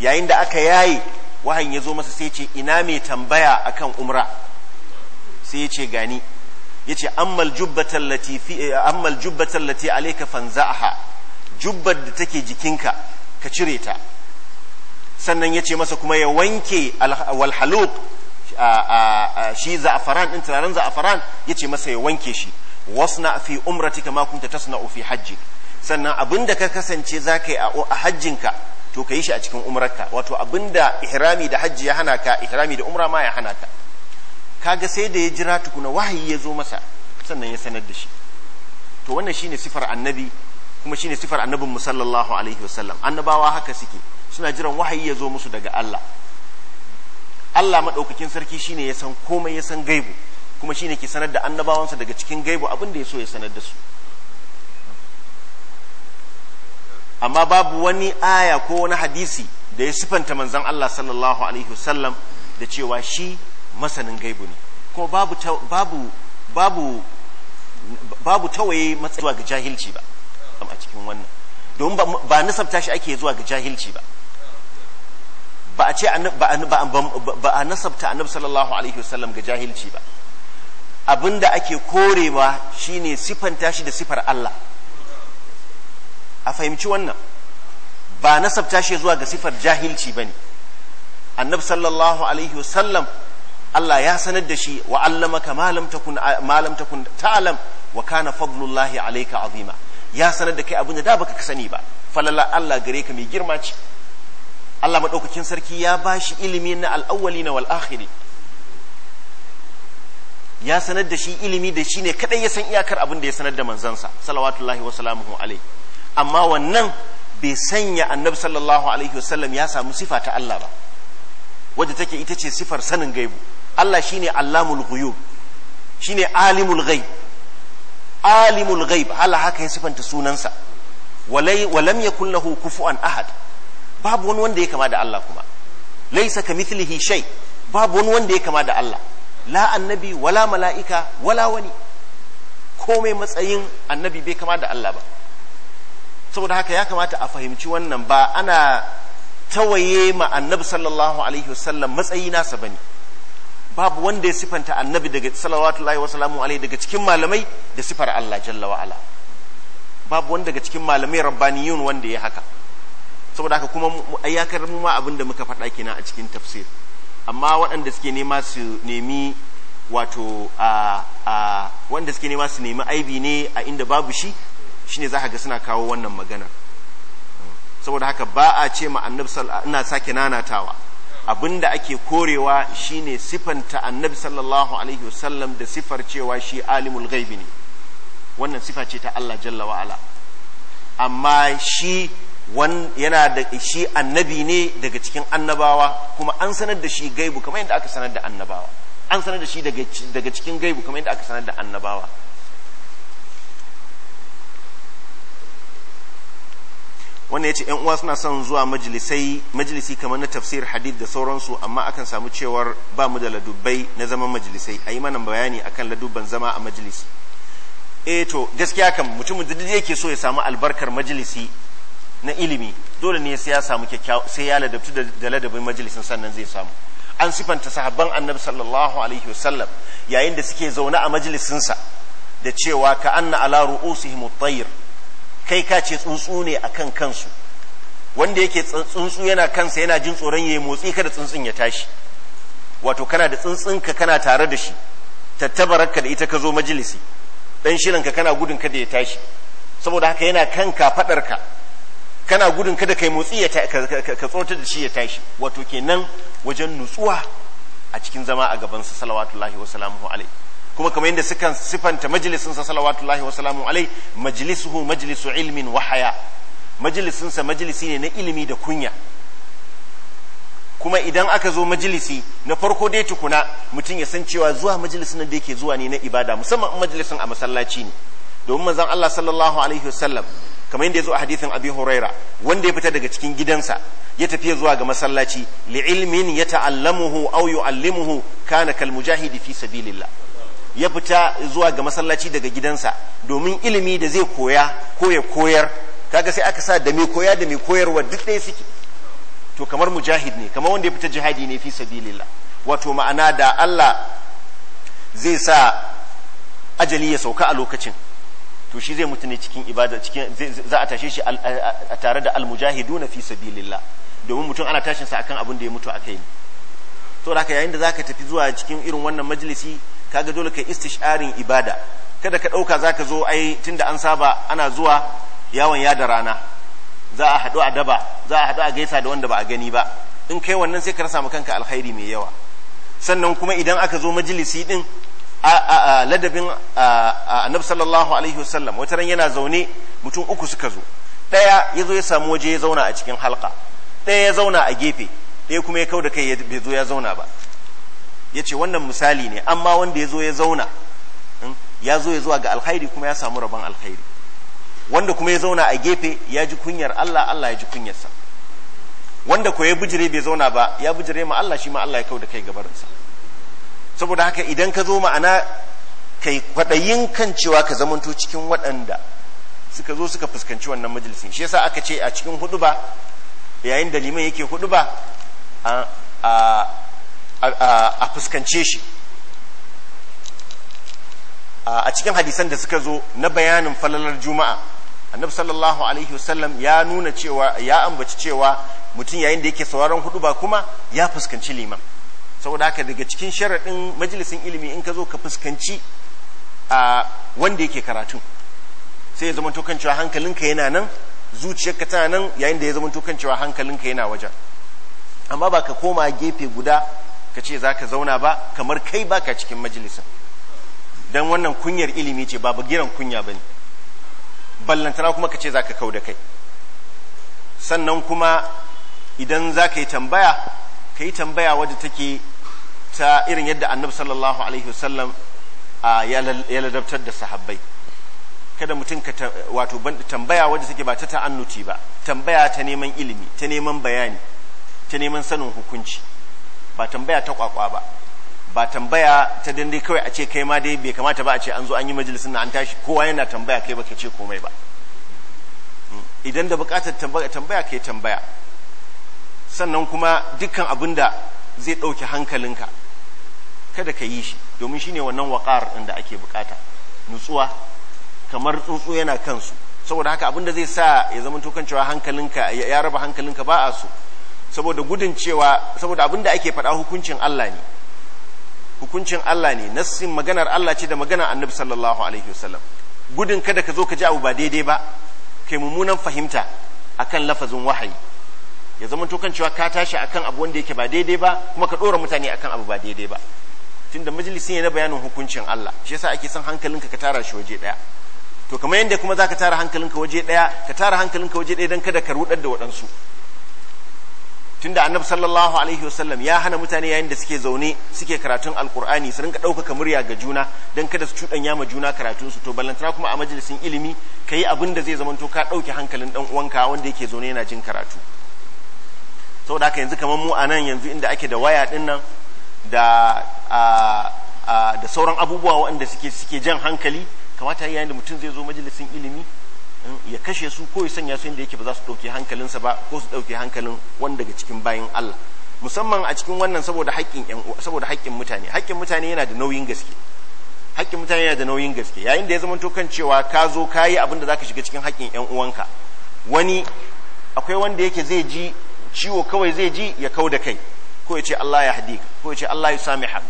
yayin da aka yaye wahayin ya zo masa sai ce ina mai tambaya akan umra sai ya ce gani ya ce ammal jubbatar lati eh, alaika fanza'aha jubbar da take jikinka ka cire ta sannan ya ce masa kuma ya wanke walhaluk shi za'afaran ɗin turaren za'afaran ya ce masa ya wanke shi wasna fi umratika ma kunta tasna'u fi hajji sannan abinda ka kasance za ka yi a hajjinka to ka yi shi a cikin umrarka wato abinda ihrami da hajji ya hana ka ihrami da umra ma ya hana ka kaga sai da ya jira tukuna wahayi ya zo masa sannan ya sanar da shi to wannan shine sifar annabi kuma shine sifar annabin musallallahu alaihi wasallam annabawa haka suke suna jiran wahayi ya zo musu daga Allah Allah madaukakin sarki shine ya san komai ya san gaibu kuma shine ke sanar da annabawansa daga cikin gaibu abinda ya so ya sanar da su amma babu wani aya ko wani hadisi da ya sifanta manzan Allah sallallahu alaihi wasallam da cewa shi masanin gaibu ne kuma babu babu babu babu tawaye matsayi ga jahilci ba a cikin wannan domin ba nasabta shi ake zuwa ga jahilci ba ba a ce ba a nasabta annabi sallallahu alaihi wasallam ga jahilci ba abinda ake korewa shine sifanta shi da sifar Allah a fahimci wannan ba nasabta shi zuwa ga sifar jahilci bane annab sallallahu alaihi wasallam Allah ya sanar da shi wa allamaka malam lam takun ma wa kana fadlullahi alaika azima ya sanar da kai abin da baka ka sani ba falala Allah gare ka mai girma ce Allah madaukakin sarki ya ba shi ilimi na al'awwali na wal'akhiri ya sanar da shi ilimi da shi ne kadai ya san iyakar abin da ya sanar da manzansa salawatullahi wa salamuhu alayhi amma wannan bai sanya annabi sallallahu alaihi wasallam ya samu sifa ta Allah ba wadda take ita ce sifar sanin gaibu Allah shine allamul ghuyub shine alimul ghaib alimul ghaib hala haka ya sifanta sunansa walai walam yakul lahu kufuwan ahad babu wani wanda ya kama da Allah kuma laysa kamithlihi shay babu wani wanda ya kama da Allah la annabi wala mala'ika wala wani komai matsayin annabi bai kama da Allah ba saboda haka ya kamata a fahimci wannan ba ana tawaye ma annabi sallallahu alaihi wasallam matsayi nasa bane babu wanda ya sifanta annabi daga sallallahu alaihi wasallam alaihi daga cikin malamai da sifar Allah jalla wa ala babu wanda daga cikin malamai rabbaniyun wanda ya haka saboda haka kuma ayyakar mu ma abinda muka faɗa kenan a cikin tafsir amma waɗanda suke nema su nemi wato a wanda suke nema su nemi aibi ne a inda babu shi shine za ga suna kawo wannan magana saboda haka ba a ce ma annabi ina sake nanatawa abinda ake korewa shine sifanta annabi sallallahu alaihi wasallam da sifar cewa shi alimul ghaibi ne wannan sifa ce ta Allah jalla wa ala amma shi yana da shi annabi ne daga cikin annabawa kuma an sanar da shi gaibu kamar yadda aka sanar da annabawa an sanar da shi daga cikin gaibu kamar yadda aka sanar da annabawa wanda ya ce ‘yan uwa suna son zuwa majalisai majalisi kamar na tafsir hadith da sauransu amma akan samu cewar ba mu da ladubai na zaman majalisai a yi mana bayani akan laduban zama a majalisi e to gaskiya kan mutumin da duk yake so ya samu albarkar majalisi na ilimi dole ne sai ya samu kyakkyawa sai ya ladabtu da ladabin majalisin sannan zai samu an sifanta sahabban annabi sallallahu alaihi wasallam yayin da suke zaune a majalisinsa da cewa ka anna ala ru'usihim at kai ka ce tsuntsu ne akan kansu wanda yake tsuntsu yana kansa yana jin tsoron ya yi motsi kada tsuntsun ya tashi wato kana da tsuntsun ka kana tare da shi tattabararka da ita ka zo majalisi dan shirinka kana gudun kada ya tashi saboda haka yana kan ka kana gudun kada kai motsi ya ka tsotar da shi ya tashi wato kenan wajen nutsuwa a cikin zama a gabansa salawatullahi wa salamuhu alaihi kuma kamar yadda sukan sifanta majalisin sa salawatullahi wa salamu alai majlisuhu majlisu ilmin wahaya haya majalisin sa majlisi ne na ilimi da kunya kuma idan aka zo majalisi na farko dai tukuna mutum ya san cewa zuwa majalisin da yake zuwa ne na ibada musamman majalisin a masallaci ne domin manzon Allah sallallahu alaihi wasallam kamar yadda ya zo a hadithin abi huraira wanda ya fita daga cikin gidansa ya tafi zuwa ga masallaci li ilmin ya ta'allamuhu aw yu'allimuhu kana kal mujahidi fi sabilillah ya fita zuwa ga masallaci daga gidansa domin ilimi da zai koya ko ya koyar kaga sai aka sa da mai koya da mai koyarwa duk ɗaya suke to kamar mujahid ne kamar wanda ya fita jihadi ne fi sabilillah wato ma'ana da Allah zai sa ajali ya sauka a lokacin to shi zai mutu cikin ibada cikin za a tashe shi a tare da almujahiduna fi sabilillah domin mutum ana tashin sa akan abin da ya mutu akai ne to haka yayin da zaka tafi zuwa cikin irin wannan majalisi kaga dole kai istisharin ibada kada ka ɗauka za ka zo ai tunda an saba ana zuwa yawon yada rana za a haɗu a daba za a haɗu a gaisa da wanda ba a gani ba in kai wannan sai ka rasa kanka alkhairi mai yawa sannan kuma idan aka zo majalisi din a ladabin annabi sallallahu alaihi wasallam wata ran yana zaune mutum uku suka zo ɗaya ya zo ya samu waje ya zauna a cikin halka ɗaya ya zauna a gefe ɗaya kuma ya kau da kai bai zo ya zauna ba ya ce wannan misali ne amma wanda ya zo ya zauna hmm, ya zo ya zuwa ga alkhairi kuma ya samu rabon alkhairi wanda kuma ya zauna a gefe ya ji kunyar Allah Allah ya ji kunyarsa wanda ko ya bijire bai zauna ba ya bijire ma Allah shi ma Allah ya kau da kai gabarinsa saboda haka idan ka zo ma'ana kai kwaɗayin kan cewa ka zamanto cikin waɗanda suka zo suka fuskanci wannan majalisin shi yasa aka ce a cikin hudu ba yayin da liman yake hudu ba a a fuskance shi a cikin hadisan da suka zo na bayanin falalar juma'a annabi sallallahu alaihi wasallam ya nuna cewa ya ambaci cewa mutum yayin da yake sauraron hudu ba kuma ya fuskanci liman saboda haka daga cikin sharaɗin majalisin ilimi in ka zo ka fuskanci a wanda yake karatu sai ya zama kan cewa hankalinka yana nan zuciyarka tana nan yayin da ya zama kan cewa hankalinka yana wajen amma ba ka koma gefe guda ka ce za ka zauna ba kamar kai ba ka cikin majalisa don wannan kunyar ilimi ce ba giran kunya ba ne ballantana kuma ka ce za ka kau da kai sannan kuma idan za ka yi tambaya ka yi tambaya wadda take ta irin yadda annabi sallallahu alaihi wasallam ya ladabtar da sahabbai kada mutum ka wato tambaya wadda take ba ta ta'annuti ba tambaya ta neman ilimi ta neman bayani ta neman sanin hukunci ba tambaya ta kwakwa ba ba tambaya ta dandai kawai a ce kai ma dai bai kamata ba a ce an zo an yi majalisin na an tashi kowa yana tambaya kai baka ce komai ba hmm. idan da bukatar tambaya kai tambaya sannan kuma dukkan abin da zai ɗauke hankalinka kada ka yi shi domin shine wannan waqar ɗin da ake bukata nutsuwa kamar tsuntsu yana kansu saboda haka abin da zai sa ya zama tukan cewa hankalinka ya raba hankalinka ba a so saboda gudun cewa saboda abin da ake faɗa hukuncin Allah ne hukuncin Allah ne nassin maganar Allah ce da maganar annabi sallallahu alaihi wasallam gudun kada ka zo ka ji abu ba daidai ba kai mummunan fahimta akan lafazin wahayi ya zama to kan cewa ka tashi akan abu wanda yake ba daidai ba kuma ka dora mutane akan abu ba daidai ba tunda majalisin yana bayanin hukuncin Allah shi yasa ake son hankalinka ka tara shi waje daya to kamar yadda kuma zaka tara hankalinka waje daya ka tara hankalinka waje daya dan kada ka rudar da waɗansu Tun da annabi sallallahu alaihi wasallam ya hana mutane yayin da suke zaune suke karatun alkur'ani su rinka ɗaukaka murya ga juna don kada su cuɗanya ma juna karatun su to ballantana kuma a majalisin ilimi ka yi abin da zai zamanto ka ɗauke hankalin ɗan uwanka wanda yake zaune yana jin karatu saboda haka yanzu kamar mu a nan yanzu inda ake da waya ɗin nan da da sauran abubuwa waɗanda suke suke jan hankali kamata yayin da mutum zai zo majalisin ilimi ya kashe su ko ya sanya su inda yake ba za su ɗauke hankalinsa ba ko su ɗauke hankalin wanda daga cikin bayan Allah musamman a cikin wannan saboda haƙƙin saboda haƙƙin mutane haƙƙin mutane yana da nauyin gaske haƙƙin mutane yana da nauyin gaske yayin da ya zama kan cewa ka zo ka yi abin da za ka shiga cikin haƙƙin ƴan uwanka wani akwai wanda yake zai ji ciwo kawai zai ji ya kau da kai ko ya ce Allah ya hadi ko ya ce Allah ya samiha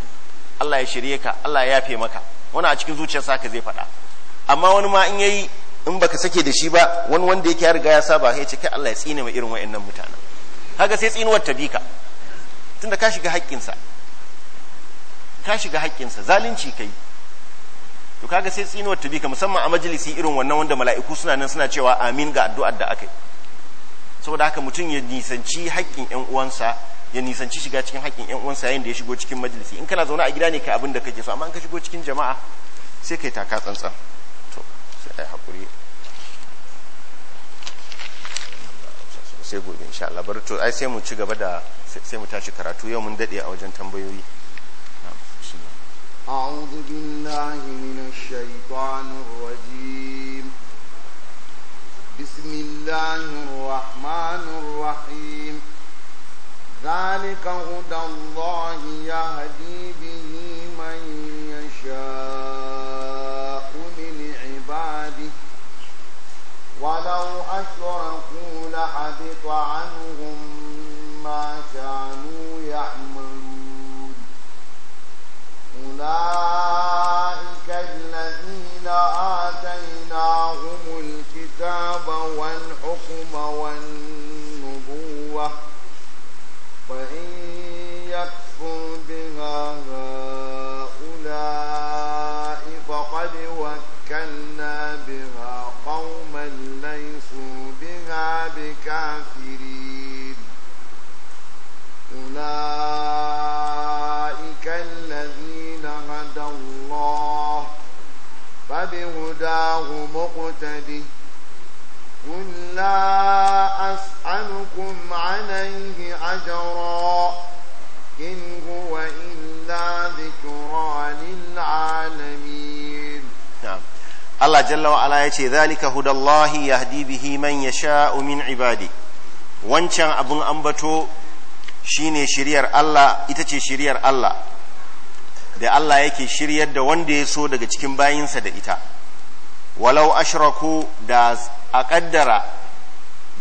Allah ya shirye ka Allah ya yafe maka wani a cikin zuciyarsa ka zai faɗa amma wani ma in yayi in baka sake da shi ba wani wanda yake ya riga ya saba ya ce kai Allah ya tsine ma irin wa'annan mutanen haka sai tsinuwar ta bika tunda ka shiga haƙƙinsa ka shiga haƙƙinsa zalunci kai to kaga sai tsinuwar ta bika musamman a majalisi irin wannan wanda mala'iku suna nan suna cewa amin ga addu'ar da aka yi saboda haka mutum ya nisanci haƙƙin ƴan uwansa ya nisanci shiga cikin haƙƙin ƴan uwansa yayin da ya shigo cikin majalisi in kana zaune a gida ne ka abin da kake so amma in ka shigo cikin jama'a sai kai taka tsantsan to sai ai hakuri sai gobe insha Allah bari to ai sai mu ci gaba da sai mu tashi karatu yau mun dade a wajen tambayoyi أعوذ بالله من الشيطان الرجيم بسم الله الرحمن الرحيم ذلك هدى الله يهدي به من يشاء من عباده ولو أشركوا لحبط عنهم ما كانوا يعملون أولئك الذين آتيناهم الكتاب والحكم والنبوة فإن يكفر بها هؤلاء فقد وكلنا بها قوما ليسوا بكافرين أولئك الذين هدى الله فبهداه مقتدي قل لا أسألكم عليه أجرا إن هو إلا ذكرى للعالمين Allah jalla wa ala yace zalika hudallahi yahdi bihi man sha min ibadi wancan abun ambato shine shiriyar Allah ita ce shiryar Allah da Allah yake shiryar da wanda ya so daga cikin bayinsa da ita walau ashraku da a kaddara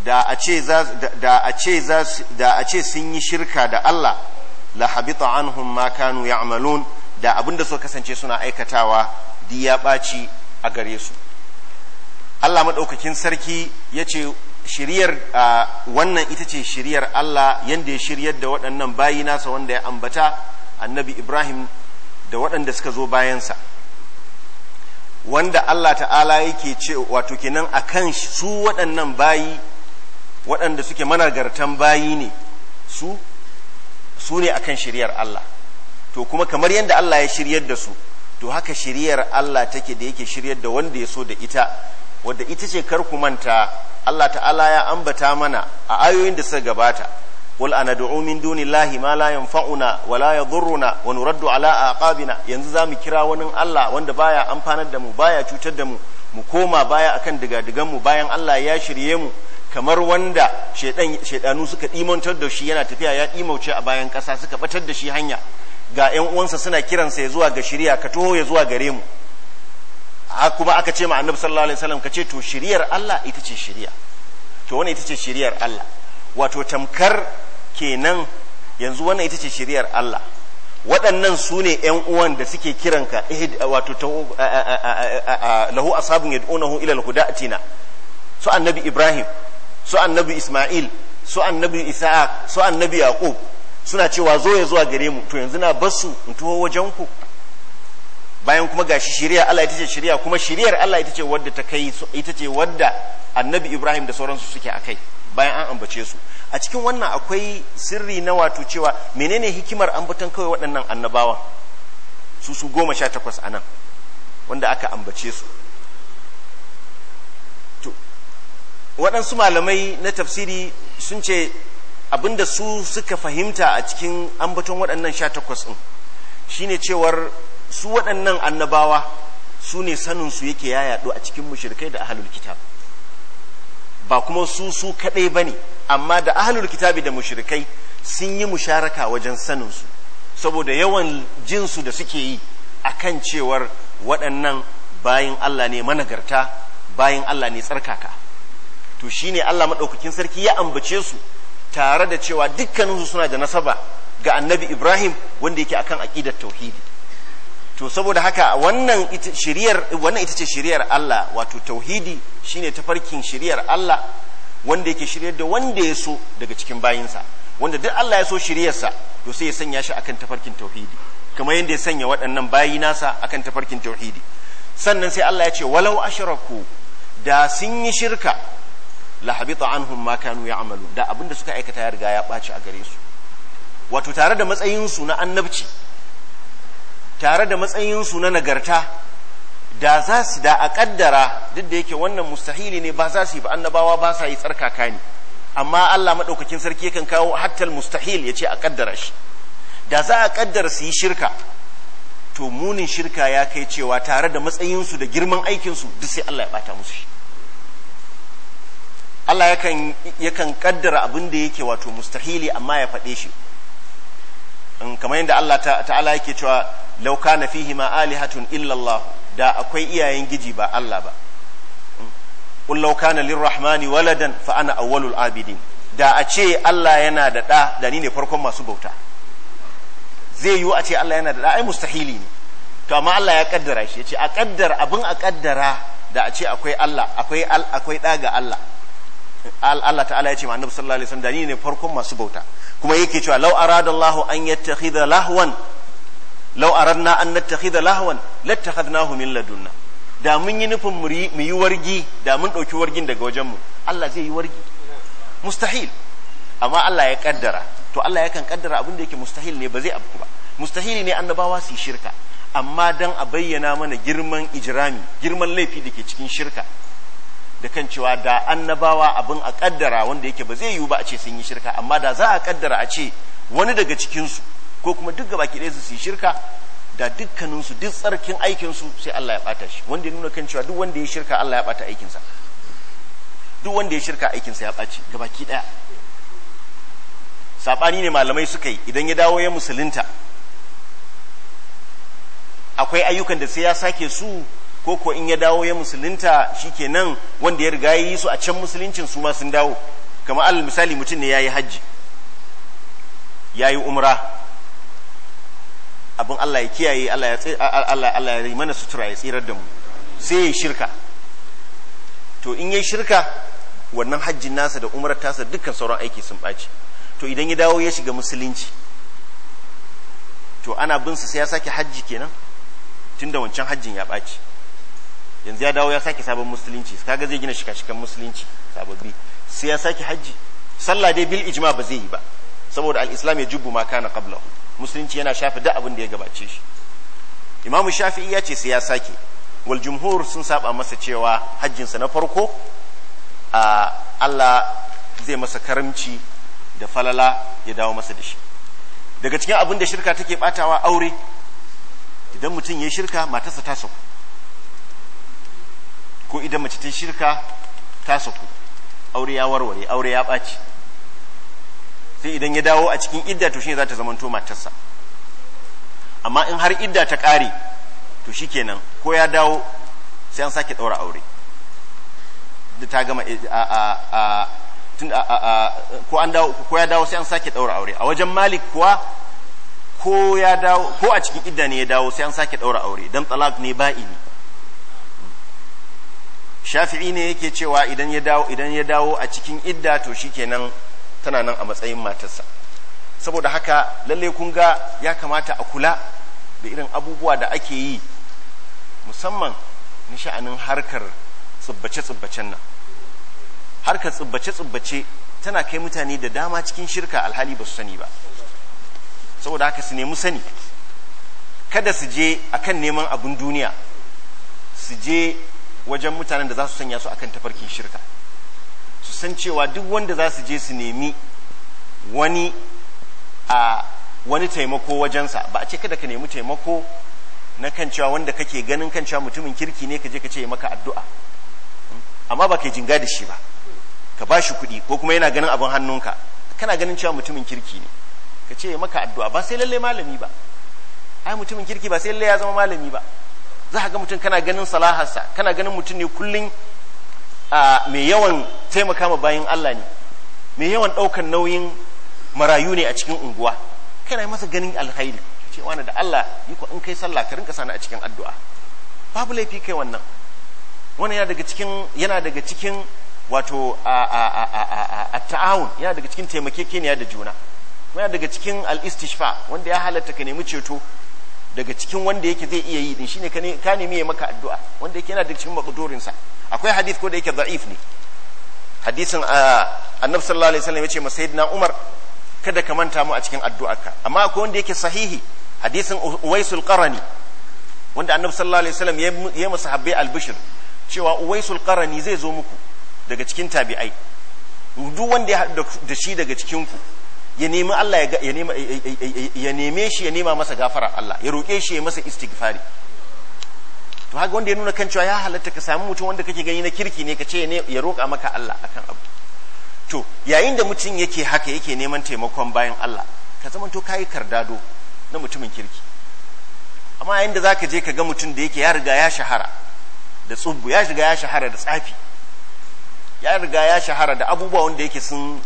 da a ce a ce da a ce sun yi shirka da Allah la habita anhum ma kanu ya'malun da abinda so kasance suna aikatawa diya ya ɓaci a gare su Allah maɗaukakin sarki ya ce shiriyar wannan ita ce shiriyar Allah yadda ya shiryar da waɗannan bayi nasa wanda ya ambata annabi Ibrahim da waɗanda suka zo bayansa wanda Allah ta'ala yake ce wato kenan akan su waɗannan bayi waɗanda suke managartan bayi ne su su ne akan shiryar Allah to kuma kamar yadda Allah ya shiryar da su to haka shiriyar Allah take da yake shiryar da wanda ya so da ita wadda ita ce kar ku manta Allah ta'ala ya ambata mana a ayoyin da suka gabata ana du'u min lahi ma la yanfa'una wa la yadhurruna wa nuraddu ala aqabina yanzu zamu kira wani Allah wanda baya amfanar da mu baya cutar da mu mu koma baya akan digadigan mu bayan Allah ya shirye mu kamar wanda shaidanu suka ɗimantar da shi yana tafiya ya ɗimauce a bayan ƙasa suka batar da shi hanya ga ‘yan uwansa suna kiransa ya zuwa ga shirya ka taho ya zuwa gare mu kuma aka ce ma annabi sallallahu alaihi wasallam ka ce to shiryar Allah ita ce shirya to wannan ita ce shiryar Allah wato tamkar kenan yanzu wannan ita ce shiryar Allah waɗannan su ne ‘yan uwan da suke kiranka wato lahu ashabun yad'unahu ila al-huda atina su annabi Ibrahim su annabi Isma'il su annabi Isa'ak su annabi Yaqub suna cewa zo ya zuwa gare mu to yanzu na basu in tuho wajen ku bayan kuma gashi shari'a Allah ita ce shari'a kuma shari'ar Allah ita ce wadda ta kai ita ce wadda Annabi Ibrahim da sauransu suke akai bayan an ambace su a cikin wannan akwai sirri na wato cewa menene hikimar ambaton kawai waɗannan annabawan su su goma sha takwas a nan wanda aka ambace su waɗansu malamai na tafsiri sun ce abinda su suka fahimta a cikin ambaton waɗannan sha takwas ɗin shine cewar su waɗannan annabawa su ne saninsu yake ya yaɗu a cikin mushrikai da ahalul kitab ba kuma su su kaɗai ba ne amma da ahalul kitabi da mushrikai sun yi musharaka wajen saninsu saboda yawan jinsu da suke yi a kan cewar waɗannan bayan Allah ne managarta bayan Allah ne tsarkaka to shine Allah maɗaukakin sarki ya ambace su tare da cewa dukkaninsu suna da nasaba ga annabi ibrahim wanda yake akan aƙidar tauhidi to saboda haka wannan ita shiriyar wannan ita ce shiriyar Allah wato tauhidi shine tafarkin shiriyar Allah wanda yake shiryar da wanda ya so daga cikin bayinsa wanda duk Allah ya so sa to sai ya sanya shi akan tafarkin tauhidi kamar yadda ya sanya waɗannan bayi nasa akan tafarkin tauhidi sannan sai Allah ya ce walau ashraku da sun yi shirka la habita anhum ma kanu ya'malu da abinda suka aikata ya riga ya baci a gare su wato tare da matsayin su na annabci tare da matsayin su na nagarta da za su da a kaddara duk da yake wannan mustahili ne ba za su yi ba annabawa ba sa yi tsarkaka ne amma Allah madaukakin sarki yakan kawo hattal mustahil yace a kaddara shi da za a kaddara su yi shirka to munin shirka ya kai cewa tare da matsayin su da girman aikin su duk sai Allah ya bata musu shi Allah yakan kan kaddara abin da yake wato mustahili amma ya faɗe shi kamar yadda Allah ta'ala yake cewa lauka na fihi ma alihatun illallah da akwai iyayen giji ba Allah ba qul law lirrahmani waladan fa ana awwalul abidin da a ce Allah yana da ɗa da ni ne farkon masu bauta zai yiwu a ce Allah yana da ɗa ai mustahili ne to amma Allah ya kaddara shi ya ce a kaddara abin a kaddara da a ce akwai Allah akwai akwai ga Allah Allah ta'ala ya ce annabi sallallahu alaihi wasallam da ni ne farkon masu bauta kuma yake cewa lau aradallahu an yattakhidha lahwan law aradna an nattakhidha lahwan lattakhadnahu min ladunna da mun yi nufin mu yi wargi da mun dauki wargin daga wajen mu Allah zai yi wargi mustahil amma Allah ya kaddara to Allah yakan kaddara abin da yake mustahil ne ba zai abu ba mustahili ne annabawa su yi shirka amma dan a bayyana mana girman ijrami girman laifi da ke cikin shirka da kan cewa da annabawa abin a kaddara wanda yake ba zai yiwu ba a ce sun yi shirka amma da za a kaddara a ce wani daga cikinsu ko kuma duk gabaki ɗaya su yi shirka da dukkaninsu duk tsarkin aikinsu sai Allah ya ɓata shi wanda ya nuna kan cewa duk wanda ya shirka Allah ya ɓata aikinsa duk wanda ya shirka aikinsa ya ɓaci gabaki ɗaya saɓani ne malamai suka yi idan ya dawo ya musulunta akwai ayyukan da sai ya sake su ko ko in ya dawo ya musulunta shikenan wanda ya riga yi su a can musuluncin su ma sun dawo kamar al misali mutum ne ya yi hajji ya yi umra abin Allah ya kiyaye Allah ya yi mana sutura ya tsirar da mu sai ya shirka to in ya shirka wannan hajjin nasa da umrar tasa dukkan sauran aiki sun baci to idan ya dawo ya shiga musulunci to ana bin sa sai ya sake hajji kenan tunda wancan hajjin ya baci yanzu ya dawo ya sake sabon musulunci kaga zai gina shika-shikan musulunci sababbi sai ya sake hajji sallah dai bil ijma ba zai yi ba saboda al-islam ya jubbu ma kana qablahu musulunci yana shafi duk abin da ya gabace shi imam shafi'i ya ce sai ya sake wal jumhur sun saba masa cewa hajjin sa na farko a Allah zai masa karamci da falala ya dawo masa da shi daga cikin abin da shirka take batawa aure idan mutum ya shirka matarsa ta sauka ko idan mace ta shirka ta saku aure ya warware aure ya ɓaci sai idan ya dawo a cikin idda to shine za ta zamanto matarsa amma in har idda ta ƙare to shikenan ko ya dawo sai an sake ɗaura aure da ta gama eh, a ko an dawo ko ya dawo sai an sake ɗaura aure a wajen malik kuwa ko ya dawo ko a cikin idda ne ya dawo sai an sake ɗaura aure don talak ne ba'ini shafi'i ne yake cewa idan ya dawo idan ya dawo a cikin idda to shikenan tana nan a matsayin matarsa saboda haka lalle kun ga ya kamata a kula da irin abubuwa da ake yi musamman nisha'anin harkar tsubbace-tsubbacen nan harkar tsubbace-tsubbace tana kai mutane da dama cikin shirka alhali ba su sani ba saboda haka su nemi sani kada su je akan neman abun duniya su je wajen mutanen da za su sanya su akan tafarkin shirka su san cewa duk wanda za su je su nemi wani a wani taimako wajensa ba a ce kada ka nemi taimako na kan cewa wanda kake ganin kan cewa mutumin kirki ne ka je ka ce maka addu'a amma ba kai jinga da shi ba ka ba shi kuɗi ko kuma yana ganin abin hannunka kana ganin cewa mutumin kirki ne ka ce maka addu'a ba sai lalle malami ba ai mutumin kirki ba sai lalle ya zama malami ba za ka ga mutum kana ganin salaharsa kana ganin mutum ne kullum mai yawan taimaka ma bayan Allah ne mai yawan ɗaukan nauyin marayu ne a cikin unguwa kana masa ganin alhairi cewa da Allah yi ko in kai sallah ka rinka sani a cikin addu'a babu laifi kai wannan wannan yana daga cikin yana daga cikin wato a ta'awun yana daga cikin taimakekeniya da juna yana daga cikin al-istishfa wanda ya halatta ka nemi ceto daga cikin wanda yake zai iya yi din shine ka nemi ya maka addu'a wanda yake yana daga cikin makudurin akwai hadith ko da yake da'if ne hadisin annabi sallallahu alaihi wasallam yace ma na umar kada ka manta mu a cikin addu'arka amma akwai wanda yake sahihi hadisin uwaisul qarani wanda annabi sallallahu alaihi wasallam ya masa habbai albishir cewa uwaisul qarani zai zo muku daga cikin tabi'ai duk wanda ya haɗu da shi daga cikin ku ya nemi Allah ya neme shi ya nema masa gafara Allah ya roƙe shi ya masa istighfari to haka wanda ya nuna kan cewa ya halatta ka samu mutum wanda kake gani na kirki ne ka ce ya roƙa maka Allah akan abu to yayin da mutum yake haka yake neman taimakon bayan Allah ka zama to yi kardado na mutumin kirki amma yayin da zaka je ka ga mutum da yake ya riga ya shahara da tsubbu ya riga ya shahara da tsafi ya riga ya shahara da abubuwa wanda yake sun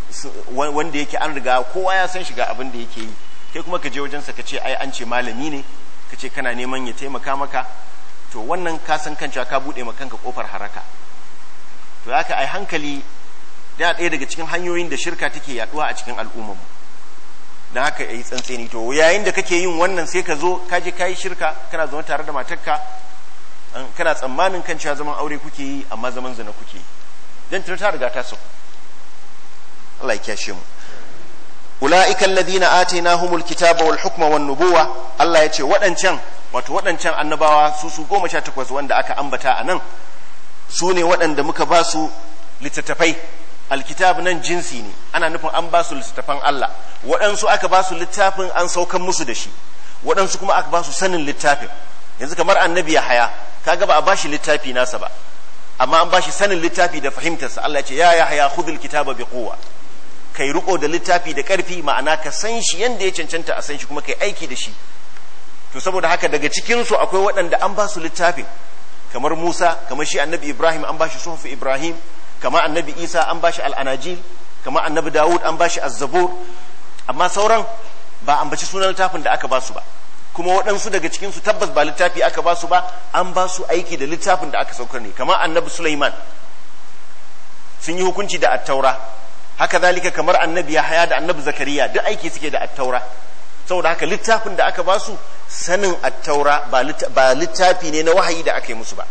wanda yake an riga kowa ya san shiga abin da yake yi kai kuma ka je wajensa ka ce ai an ce malami ne ka ce kana neman ya taimaka maka to wannan ka san kanka ka bude maka kanka kofar haraka to haka ai hankali da ɗaya daga cikin hanyoyin da shirka take yaduwa a cikin al'ummar mu dan haka yi tsantseni to yayin da kake yin wannan sai ka zo ka je kai shirka kana zama tare da matarka kana tsammanin kan cewa zaman aure kuke yi amma zaman zina kuke yi dan tana ta riga ta su Allah ya kyashe mu ula'ika alladhina atainahumul kitaba wal hukma wan nubuwa Allah ya ce waɗancan wato waɗancan annabawa su su goma sha takwas wanda aka ambata a nan su ne waɗanda muka ba su littattafai alkitab nan jinsi ne ana nufin an ba su littattafan Allah waɗansu aka ba su littafin an saukan musu da shi waɗansu kuma aka ba su sanin littafin yanzu kamar annabi ya haya kaga ba a bashi littafi nasa ba amma an ba shi sanin littafi da fahimtarsa Allah ya ce ya yahya kitaba bi kowa kai riko da littafi da karfi ma'ana ka san shi yanda ya cancanta a san shi kuma kai aiki da shi to saboda haka daga cikin su akwai waɗanda an ba su littafin kamar Musa kamar shi annabi Ibrahim an shi suhuf Ibrahim kamar annabi Isa an ba al-anajil kamar annabi Dawud an bashi az-zabur amma sauran ba ambaci sunan littafin da aka ba su ba kuma waɗansu daga cikinsu tabbas ba littafi aka ba su ba an ba su aiki da littafin da aka saukar ne kamar annabi Sulaiman sun yi hukunci da attaura haka zalika kamar annabi Yahaya da annabi Zakariya duk aiki suke da attaura saboda haka littafin da aka ba su sanin attaura ba littafi ne na wahayi da aka yi musu ba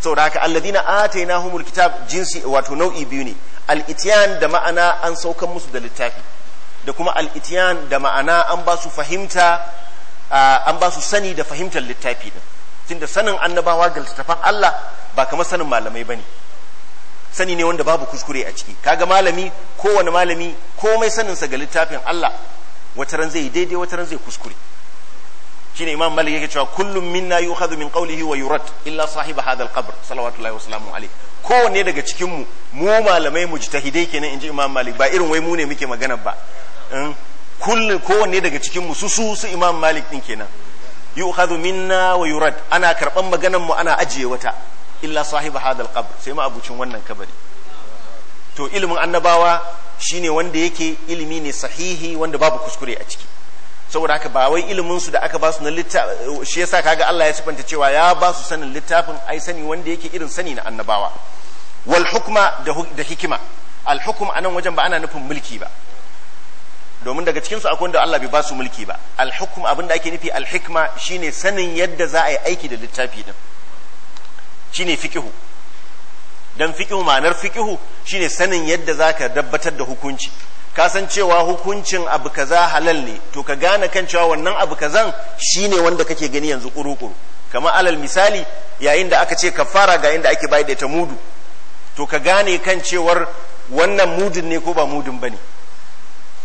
saboda haka alladina humul kitab jinsi wato nau'i biyu ne al da ma'ana an saukan musu da littafi da kuma al da ma'ana an ba su fahimta an ba su sani da fahimtar littafi din tunda sanin annabawa ga littattafan Allah ba kamar sanin malamai bane sani ne wanda babu kuskure a ciki kaga malami kowane malami komai saninsa ga littafin Allah wata ran zai daidai wata ran zai kuskure shine imam malik yake cewa kullum minna yu'khadhu min qawlihi wa yurad illa sahiba hadha al-qabr salawatullahi wa alayhi kowanne daga cikin mu mu malamai mujtahidai kenan inji imam malik ba irin wai mu ne muke magana ba kullu kowanne daga cikin mu su su imam malik din kenan yu'khadhu minna wa yurad ana karban maganan mu ana ajiye wata illa sahiba hadal qabr sai ma abucin wannan kabari to ilimin annabawa shine wanda yake ilimi ne sahihi wanda babu kuskure a ciki saboda haka ba wai ilimin su da aka ba su na littafi shi yasa kaga Allah ya sifanta cewa ya ba su sanin littafin ai sani wanda yake irin sani na annabawa wal hukma da hikima al hukm anan wajen ba ana nufin mulki ba domin daga cikin su akwai wanda Allah bai ba su mulki ba al-hukm abin da ake nufi al-hikma shine sanin yadda za a yi aiki da littafi din shine fiqhu dan fiqhu ma'anar fiqhu shine sanin yadda za ka dabbatar da hukunci ka san cewa hukuncin abu kaza halal ne to ka gane kan cewa wannan abu kazan shine wanda kake gani yanzu kurukuru kuru kamar alal misali yayin da aka ce kafara ga inda ake bayar ta mudu to ka gane kan cewar wannan mudun ne ko ba mudun bane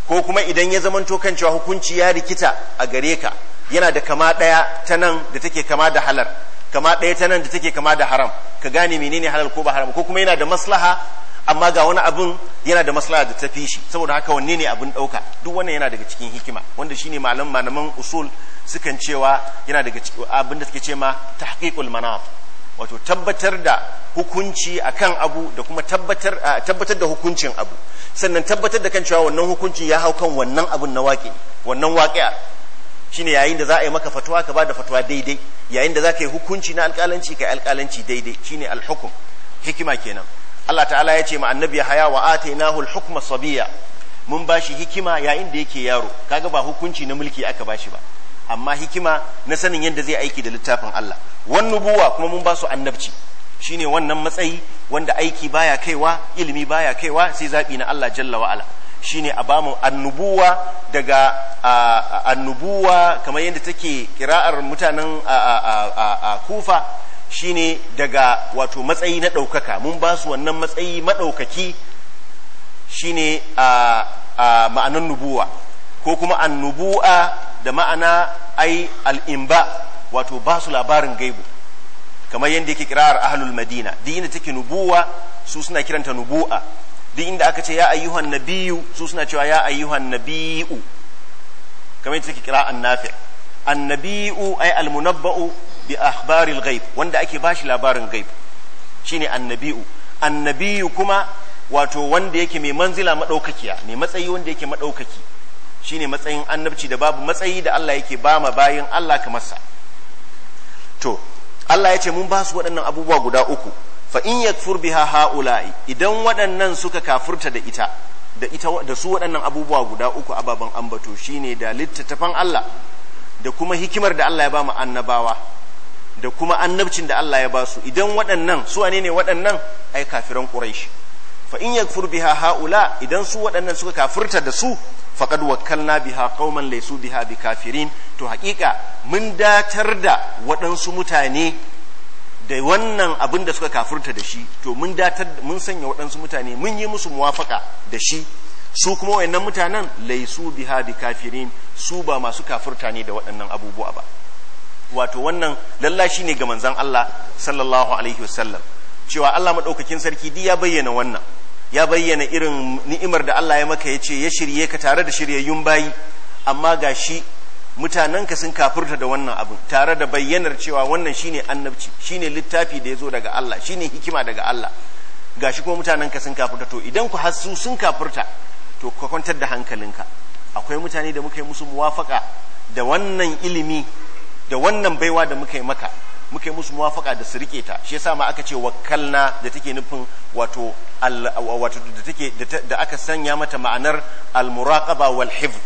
ko kuma idan ya zamanto kan cewa hukunci ya rikita a gare ka yana da kama ɗaya ta nan da take kama da halar kama ɗaya ta nan da take kama da haram ka gane menene halal ko ba haram ko kuma yana da maslaha amma ga wani abin yana da maslaha da tafi shi saboda haka wanne ne abin ɗauka duk wannan yana daga cikin hikima wanda shine malam malaman usul sukan cewa yana daga abin da suke ce ma tahqiqul manaf wato tabbatar da hukunci akan abu da kuma tabbatar tabbatar da hukuncin abu sannan tabbatar da kan cewa wannan hukunci ya hau kan wannan abun na waƙe wannan waƙiya shine yayin da za a yi maka fatuwa ka bada fatuwa daidai yayin da za ka yi hukunci na alƙalanci ka yi alƙalanci daidai shine alhukum hikima kenan Allah ta'ala ya ce ma annabi haya wa atainahu alhukma sabiya mun bashi hikima yayin da yake yaro kaga ba hukunci na mulki aka ba shi ba amma hikima na sanin yadda zai aiki da littafin Allah wannan nubuwa kuma mun ba su annabci Shi ne wannan matsayi wanda aiki baya kaiwa ilimi baya kaiwa sai zaɓi na Allah jalla wa'ala shi ne a bamu annubuwa daga annubuwa kamar yadda take kira'ar mutanen a kufa shi ne daga wato matsayi na ɗaukaka mun ba su wannan matsayi maɗaukaki ne a ma'anan nubuwa ko kuma annubuwa da ma'ana ai al'imba wato ba su labarin gaibu kamar yadda yake kirar ahlul madina duk inda take nubuwa su suna kiranta nubu'a duk inda aka ce ya ayyuhan nabiyu su suna cewa ya ayyuhan nabiyu kamar yadda take kira annafi annabiyu ay almunabba'u bi akhbaril ghaib wanda ake bashi labarin ghaib shine annabiyu annabiyu kuma wato wanda yake mai manzila madaukakiya mai matsayi wanda yake madaukaki shine matsayin annabci da babu matsayi da Allah yake ba ma bayin Allah kamar sa to Allah ya ce mun ba su waɗannan abubuwa guda uku fa in yakfur biha haula'i idan waɗannan suka kafurta da ita da ita da su waɗannan abubuwa guda uku ababan ambato shine da littattafan Allah da kuma hikimar da Allah ya ba mu annabawa da kuma annabcin da Allah ya ba su idan waɗannan su wane ne waɗannan ai kafiran quraish fa in yakfur biha haula idan su waɗannan suka kafurta da su faqad wakkalna biha qauman laysu biha bikafirin to haƙiƙa mun datar da waɗansu mutane da wannan abin da suka kafurta da shi to mun datar mun sanya waɗansu mutane mun yi musu muwafaka da shi su kuma wayannan mutanen laysu biha bikafirin su ba masu kafurta ne da waɗannan abubuwa ba wato wannan lallashi ne ga manzon Allah sallallahu alaihi wasallam cewa Allah madaukakin sarki di ya bayyana wannan ya bayyana irin ni'imar da Allah ya maka ya ce ya shirye ka tare da shiryayyun bayi amma ga shi mutanenka sun kafurta da wannan abin tare da bayyanar cewa wannan shine annabci shine littafi da ya zo daga Allah shine hikima daga Allah ga shi kuma mutanenka sun kafurta to idan ku hasu sun kafurta to ka kwantar da hankalinka akwai mutane da muka yi musu muwafaka da wannan ilimi da wannan baiwa da muka yi maka muka musu muwafaka da su rike ta shi yasa ma aka ce wakalna da take nufin wato wato da take da aka sanya mata ma'anar al-muraqaba wal hifz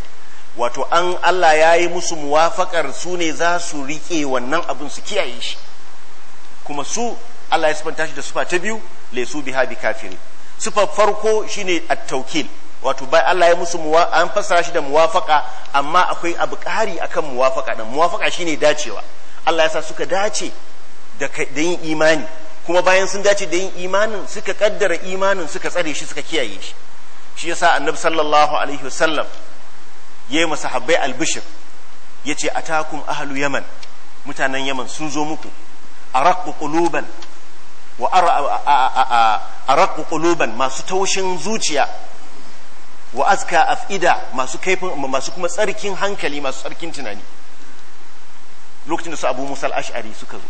wato an Allah ya yi musu muwafakar su ne za su rike wannan abin su kiyaye shi kuma su Allah ya sabanta shi da sifa ta biyu lesu biha bi kafiri sufa farko shine at-tawkil wato bai Allah ya musu an fasara shi da muwafaka amma akwai abu kari akan muwafaka dan muwafaka shine dacewa Allah ya sa suka dace da yin imani kuma bayan sun dace da yin imanin suka kaddara imanin suka tsare shi suka kiyaye shi shi yasa annabi sallallahu alaihi wasallam yayi masahabbai albishir yace takun ahlu yaman mutanen yaman sun zo muku araqqu quluban wa araqqu quluban masu taushin zuciya wa azka afida masu kaifin masu kuma tsarkin hankali masu tsarkin tunani lokacin da su abu musal ash'ari suka zo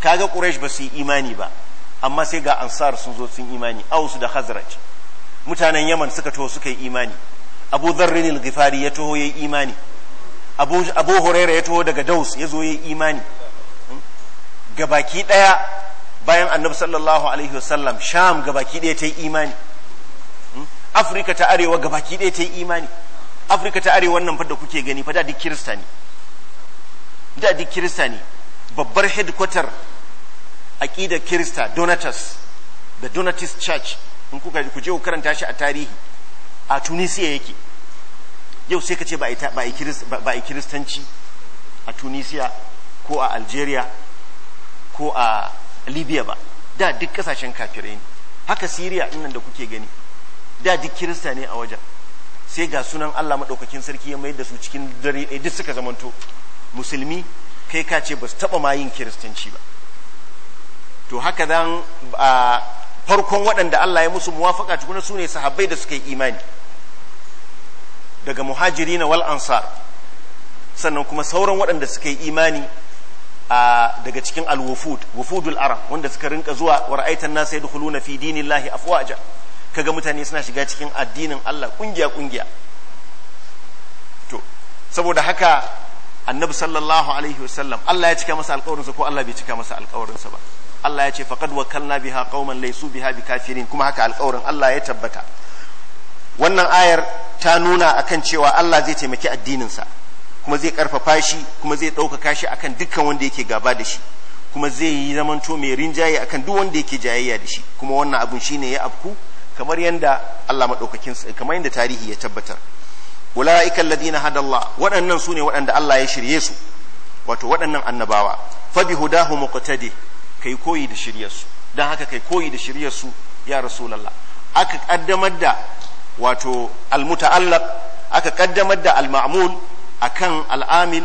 kaga quraish ba su yi imani ba amma sai ga ansar sun zo sun imani aus da hazraj mutanen yaman suka to suka yi imani abu dharrin al-ghifari ya taho yayi imani abu abu huraira ya taho daga daus ya zo yayi imani gabaki daya bayan annabi sallallahu alaihi wasallam sham gabaki daya ta yi imani afrika ta arewa gabaki daya ta yi imani afrika ta arewa wannan fa da kuke gani fa da duk kirista da duk kirista ne babbar headquarter aƙidar kirista donatus da donatus church in kuka ku je ku karanta shi a tarihi a tunisiya yake yau sai ka ce ba a kiristanci a tunisiya ko a algeria ko a libya ba da duk kasashen kafirai ne haka siriya nan da kuke gani da duk kirista ne a wajen sai ga sunan allah maɗaukakin sarki ya mayar da su cikin dare ɗaya duk suka zamanto musulmi kai ka ce ba su taɓa ma yin kiristanci ba to haka zan farkon waɗanda Allah ya musu muwafaka tukuna su ne sahabbai da suka yi imani daga muhajiri na wal ansar sannan kuma sauran waɗanda suka yi imani a daga cikin alwufud wufudul arab wanda suka rinka zuwa wa ra'aitan nas yadkhuluna fi dinillahi afwaja kaga mutane suna shiga cikin addinin Allah kungiya kungiya to saboda haka annabi sallallahu alaihi wasallam Allah ya cika masa alƙawarinsa ko Allah bai cika masa alƙawarinsa ba Allah ya ce faqad wakalna biha qauman laysu biha bikafirin kuma haka alƙawarin Allah ya tabbata wannan ayar ta nuna akan cewa Allah zai taimaki addinin sa kuma zai karfafa shi kuma zai ɗaukaka shi akan dukkan wanda yake gaba da shi kuma zai yi zamanto mai rinjaye akan duk wanda yake jayayya da shi kuma wannan abun shine ya afku kamar yanda Allah madaukakin kamar yanda tarihi ya tabbatar ulaika alladhina hadallah waɗannan ne waɗanda Allah ya shirye su wato waɗannan annabawa fa bi hudahu muqtadi kai koyi da shiryar su haka kai koyi da shiryar su ya rasulallah. aka kaddamar da wato almuta'allaq aka kaddamar da alma'mul akan al'amil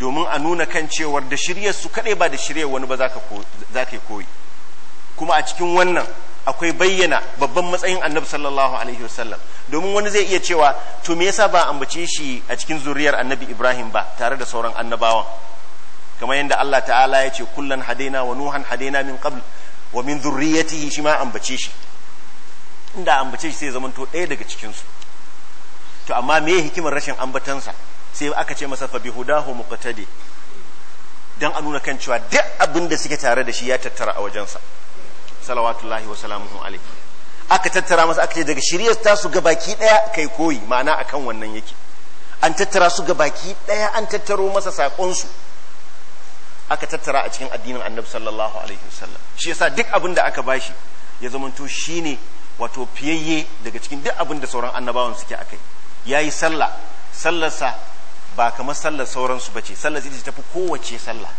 domin a nuna kan cewar da shiryar su kadai ba da shiryar wani ba zaka koyi kuma a cikin wannan akwai bayyana babban matsayin annabi sallallahu alaihi wasallam domin wani zai iya cewa to me yasa ba ambace shi a cikin zuriyar annabi ibrahim ba tare da sauran annabawan kamar yadda allah ta'ala ya ce kullan hadaina wa nuhan hadaina min qabl wa min zurriyatihi shi ma ambace shi inda ambace shi sai zamanto ɗaya daga cikin su to amma me hikimar rashin sa sai aka ce masa fabihudahu muqtadi dan a nuna kan cewa duk abin da suke tare da shi ya tattara a wajensa salawatullahi wa salamuhu alaihi aka tattara masa aka ce daga shiriyar ta su gabaki daya kai koyi ma'ana akan wannan yake an tattara su gabaki daya an tattaro masa sakonsu su aka tattara a cikin addinin annabi sallallahu alaihi wasallam shi yasa duk abin da aka bashi ya zamanto shine wato fiyayye daga cikin duk abin da sauran annabawan suke akai yayi sallah sallarsa ba kamar sallar sauransu bace sallar ita tafi kowace sallah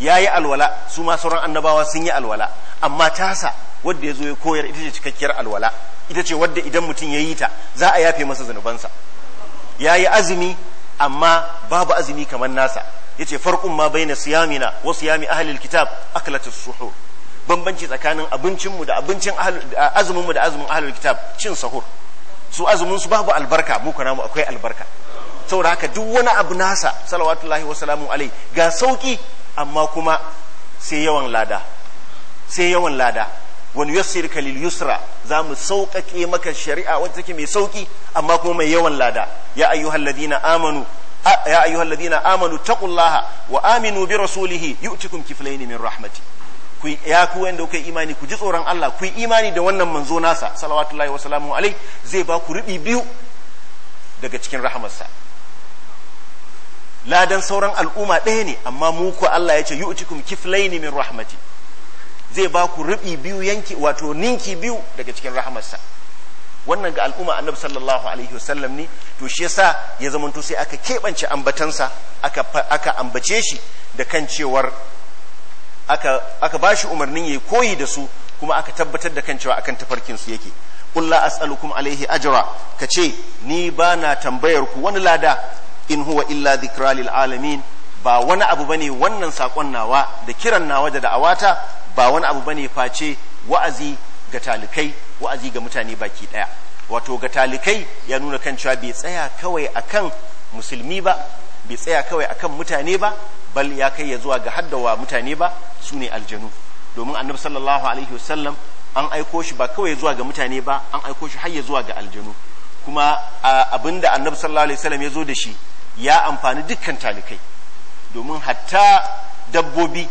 ya yi alwala su ma sauran annabawa sun yi alwala amma tasa wadda ya zo ya koyar ita ce cikakkiyar alwala ita ce wadda idan mutum ya yi ta za a yafe masa zunubansa ya yi azumi amma babu azumi kamar nasa ya ce farkon ma bai na siyamina wasu yami ahalil kitab aklatus suhur bambanci tsakanin abincinmu da abincin azuminmu da azumin ahalil kitab cin sahur su azumin su babu albarka mu kana mu akwai albarka saboda haka duk wani abu nasa salawatullahi wa alai ga sauki amma kuma sai yawan lada sai yawan lada wani yassir kalil yusra za mu sauƙaƙe maka shari'a wata take mai sauƙi amma kuma mai yawan lada ya ayyuhal ladina amanu ya ayyuhal ladina amanu taqullaha wa aminu bi rasulihi yu'tikum kiflayn min rahmati ku ya ku wanda kuka imani ku ji tsoron Allah ku imani da wannan manzo nasa salawatullahi wa salamu alai zai ba ku rubi biyu daga cikin rahamarsa ladan sauran al'umma ɗaya ne amma mu ku Allah ya ce yi yu'tikum kiflaini min rahmati zai ba ku rubi biyu yanki wato ninki biyu daga cikin rahamarsa wannan ga al'umma annabi sallallahu alaihi wasallam ne to shi yasa ya zamanto sai aka keɓance ambatansa aka ambace shi da kan cewar aka aka bashi umarnin yayi koyi da su kuma aka tabbatar da kan cewa akan tafarkin su yake qul la as'alukum alaihi ajra kace ni ba na tambayar ku wani lada in huwa illa dhikra lil alamin ba wani abu bane wannan sakon nawa da kiran nawa da da'awata ba wani abu bane face wa'azi ga talikai wa'azi ga mutane baki daya wato ga talikai ya nuna kan cewa bai tsaya kawai akan musulmi ba bai tsaya kawai akan mutane ba bal ya kai ya zuwa ga haddawa mutane ba su aljanu domin annabi sallallahu alaihi wasallam an aiko shi ba kawai zuwa ga mutane ba an aiko shi har ya zuwa ga aljanu kuma abinda annabi sallallahu alaihi wasallam ya zo da shi ya amfani dukkan talikai domin hatta dabbobi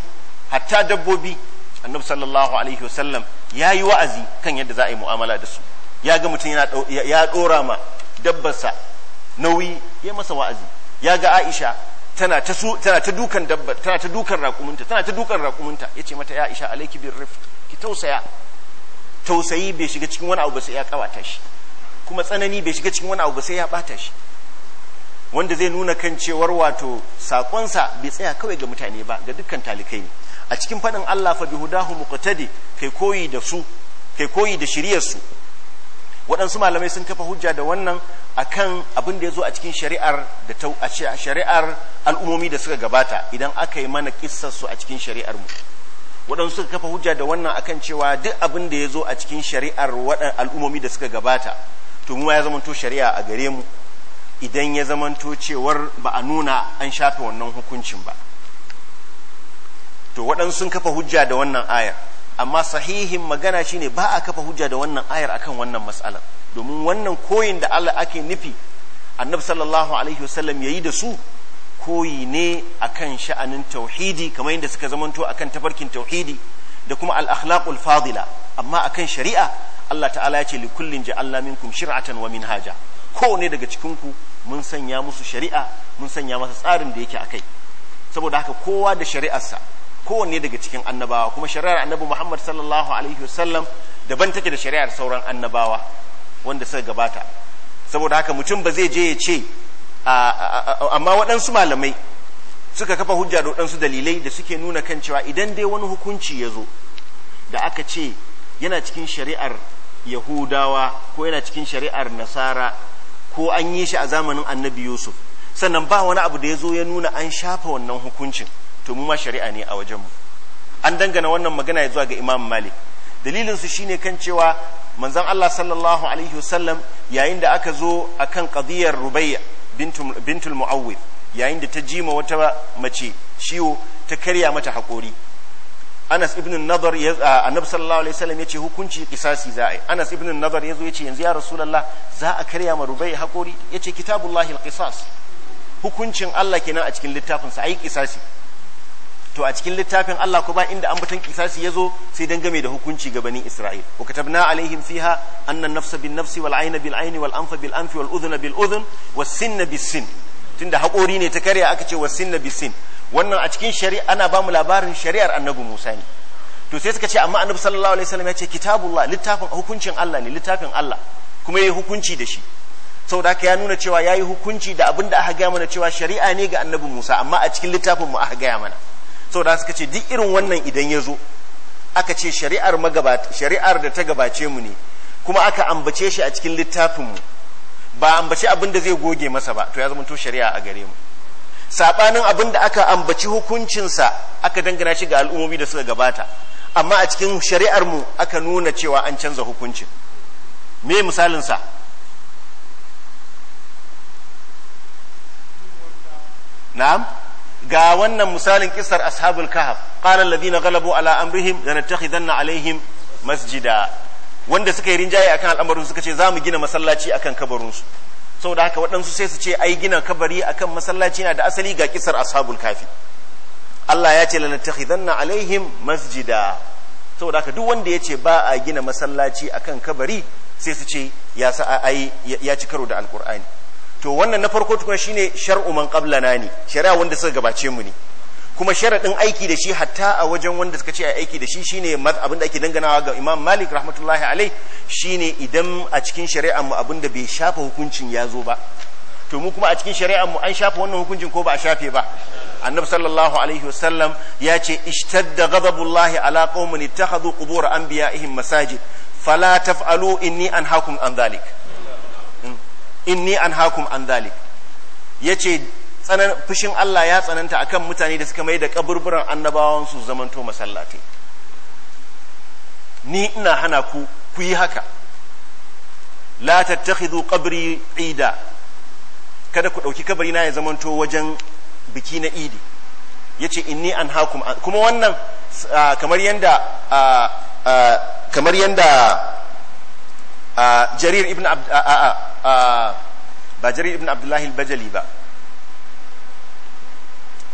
hatta dabbobi annabi sallallahu alaihi wasallam ya yi wa'azi kan yadda za a yi mu'amala da su ya ga mutum ya dora ma dabbarsa nauyi ya masa wa'azi ya ga aisha tana ta su tana ta dukan dabba tana ta dukan raƙuminta tana ta dukan raƙuminta yace mata ya aisha alayki bir rifq ki tausaya tausayi bai shiga cikin wani abu ba sai ya kawata shi kuma tsanani bai shiga cikin wani abu ba sai ya bata shi wanda zai nuna kan cewar wato sakonsa bai tsaya kawai ga mutane ba ga dukkan talikai ne a cikin faɗin Allah fa hudahu muqtadi kai koyi da su kai koyi da shari'ar su waɗansu malamai sun kafa hujja da wannan akan abin da ya zo a cikin shari'ar da ta a shari'ar al'umomi da suka gabata idan aka yi mana kissar su a cikin shari'ar mu waɗansu suka kafa hujja da wannan akan cewa duk abin da ya zo a cikin shari'ar waɗan al'umomi da suka gabata to mu ya zama to shari'a a gare mu idan ya zamanto cewar ba a nuna an shafe wannan hukuncin ba to waɗansu sun kafa hujja da wannan ayar amma sahihin magana shine ba a kafa hujja da wannan ayar akan wannan matsalar domin wannan koyin da Allah ake nufi annabi sallallahu alaihi wasallam yayi da su koyi ne akan sha'anin tauhidi kamar yadda suka zamanto akan tafarkin tauhidi da kuma al-akhlaqul fadila amma akan shari'a Allah ta'ala ya ce likullin ja'alna minkum shir'atan wa minhaja kowane daga cikinku mun sanya musu shari'a mun sanya masa tsarin da yake akai saboda haka kowa da shari'arsa kowanne daga cikin annabawa kuma shari'ar annabi Muhammad sallallahu alaihi wasallam daban take da shari'ar sauran annabawa wanda suka gabata saboda haka mutum ba zai je ya ce amma waɗansu malamai suka kafa hujja da waɗansu dalilai da suke nuna kan cewa idan dai wani hukunci ya zo da aka ce yana cikin shari'ar yahudawa ko yana cikin shari'ar nasara ko an yi shi a zamanin annabi yusuf sannan ba wani abu da ya zo ya nuna an shafa wannan hukuncin to mu ma shari'a ne a wajen mu. an dangana wannan magana ya zuwa ga imam malik dalilin su shine kan cewa manzon Allah sallallahu alaihi wasallam yayin da aka zo akan qadiyar rubayya bintul muawwid yayin da ta jima wata mace shiwo ta karya mata hakori Anas ibn Nadar annabi sallallahu alaihi wasallam yace hukunci kisasi za a yi Anas ibn Nadar yazo yace yanzu ya Rasulullah za a karya ma Rubai hakori yace kitabullahi alqisas hukuncin Allah kenan a cikin littafin sa ayi kisasi to a cikin littafin Allah ko ba inda ambaton kisasi yazo sai dan game da hukunci ga bani Isra'il wa katabna alaihim fiha anna an-nafsa bin-nafsi wal-'ayna bil-'ayni wal-anfa bil-anfi wal-udhna bil-udhn was-sinna bis-sinn tunda hakori ne ta karya aka ce was-sinna bis wannan a cikin shari'a ana ba mu labarin shari'ar annabi Musa ne to sai suka ce amma annabi sallallahu alaihi wasallam ya ce kitabullah littafin hukuncin Allah ne littafin Allah kuma yayi hukunci da shi saboda haka ya nuna cewa yayi hukunci da abin da aka ga mana cewa shari'a ne ga annabi Musa amma a cikin littafin mu aka ga mana saboda suka ce duk irin wannan idan ya zo aka ce shari'ar magabata shari'ar da ta gabace mu ne kuma aka ambace shi a cikin littafin mu ba ambace abin da zai goge masa ba to ya zama to shari'a a gare mu sabanin abin da aka ambaci hukuncinsa aka dangana shi ga al'ummomi da suka gabata amma a cikin shari'ar mu aka nuna cewa an canza hukuncin me misalin na'am ga wannan misalin kisar ashabul kahf qala alladhina ghalabu ala amrihim lanattakhidanna alaihim masjida wanda suka yi rinjaye akan al'amarin suka ce za mu gina masallaci akan kabarinsu su sau da haka waɗansu sai su ce ai gina kabari akan masallaci na da asali ga kisar ashabul kafi Allah ya ce lanattakhidanna alaihim masjida sau da haka duk wanda ya ce ba a gina masallaci akan kabari sai su ce ya sa ai ya ci karo da alkur'ani to wannan na farko tukuna shine shar'u man qablana ne shari'a wanda suka gabace mu ne kuma sharaɗin aiki da shi hatta a wajen wanda suka ce a aiki da shi shine abin da ake danganawa ga imam malik rahmatullahi alai shine idan a cikin shari'ar mu abin da bai shafa hukuncin ya zo ba to mu kuma a cikin shari'ar mu an shafa wannan hukuncin ko ba a shafe ba annabi sallallahu alaihi wasallam ya ce ishtadda ghadabullahi ala qaumin ittakhadhu qubur anbiya'ihim masajid fala taf'alu inni anhaakum an dhalik hmm. inni anhaakum an dhalik yace tsanan fushin Allah ya tsananta akan mutane da suka mai da kaburburan annabawan su zamanto masallatai ni ina hana ku ku yi haka la tattakhidhu qabri ida kada ku dauki kabari na ya zamanto wajen biki na idi yace inni anhaakum kuma wannan kamar yanda kamar yanda jarir ibn abd ba jarir ibn abdullahi al-bajali ba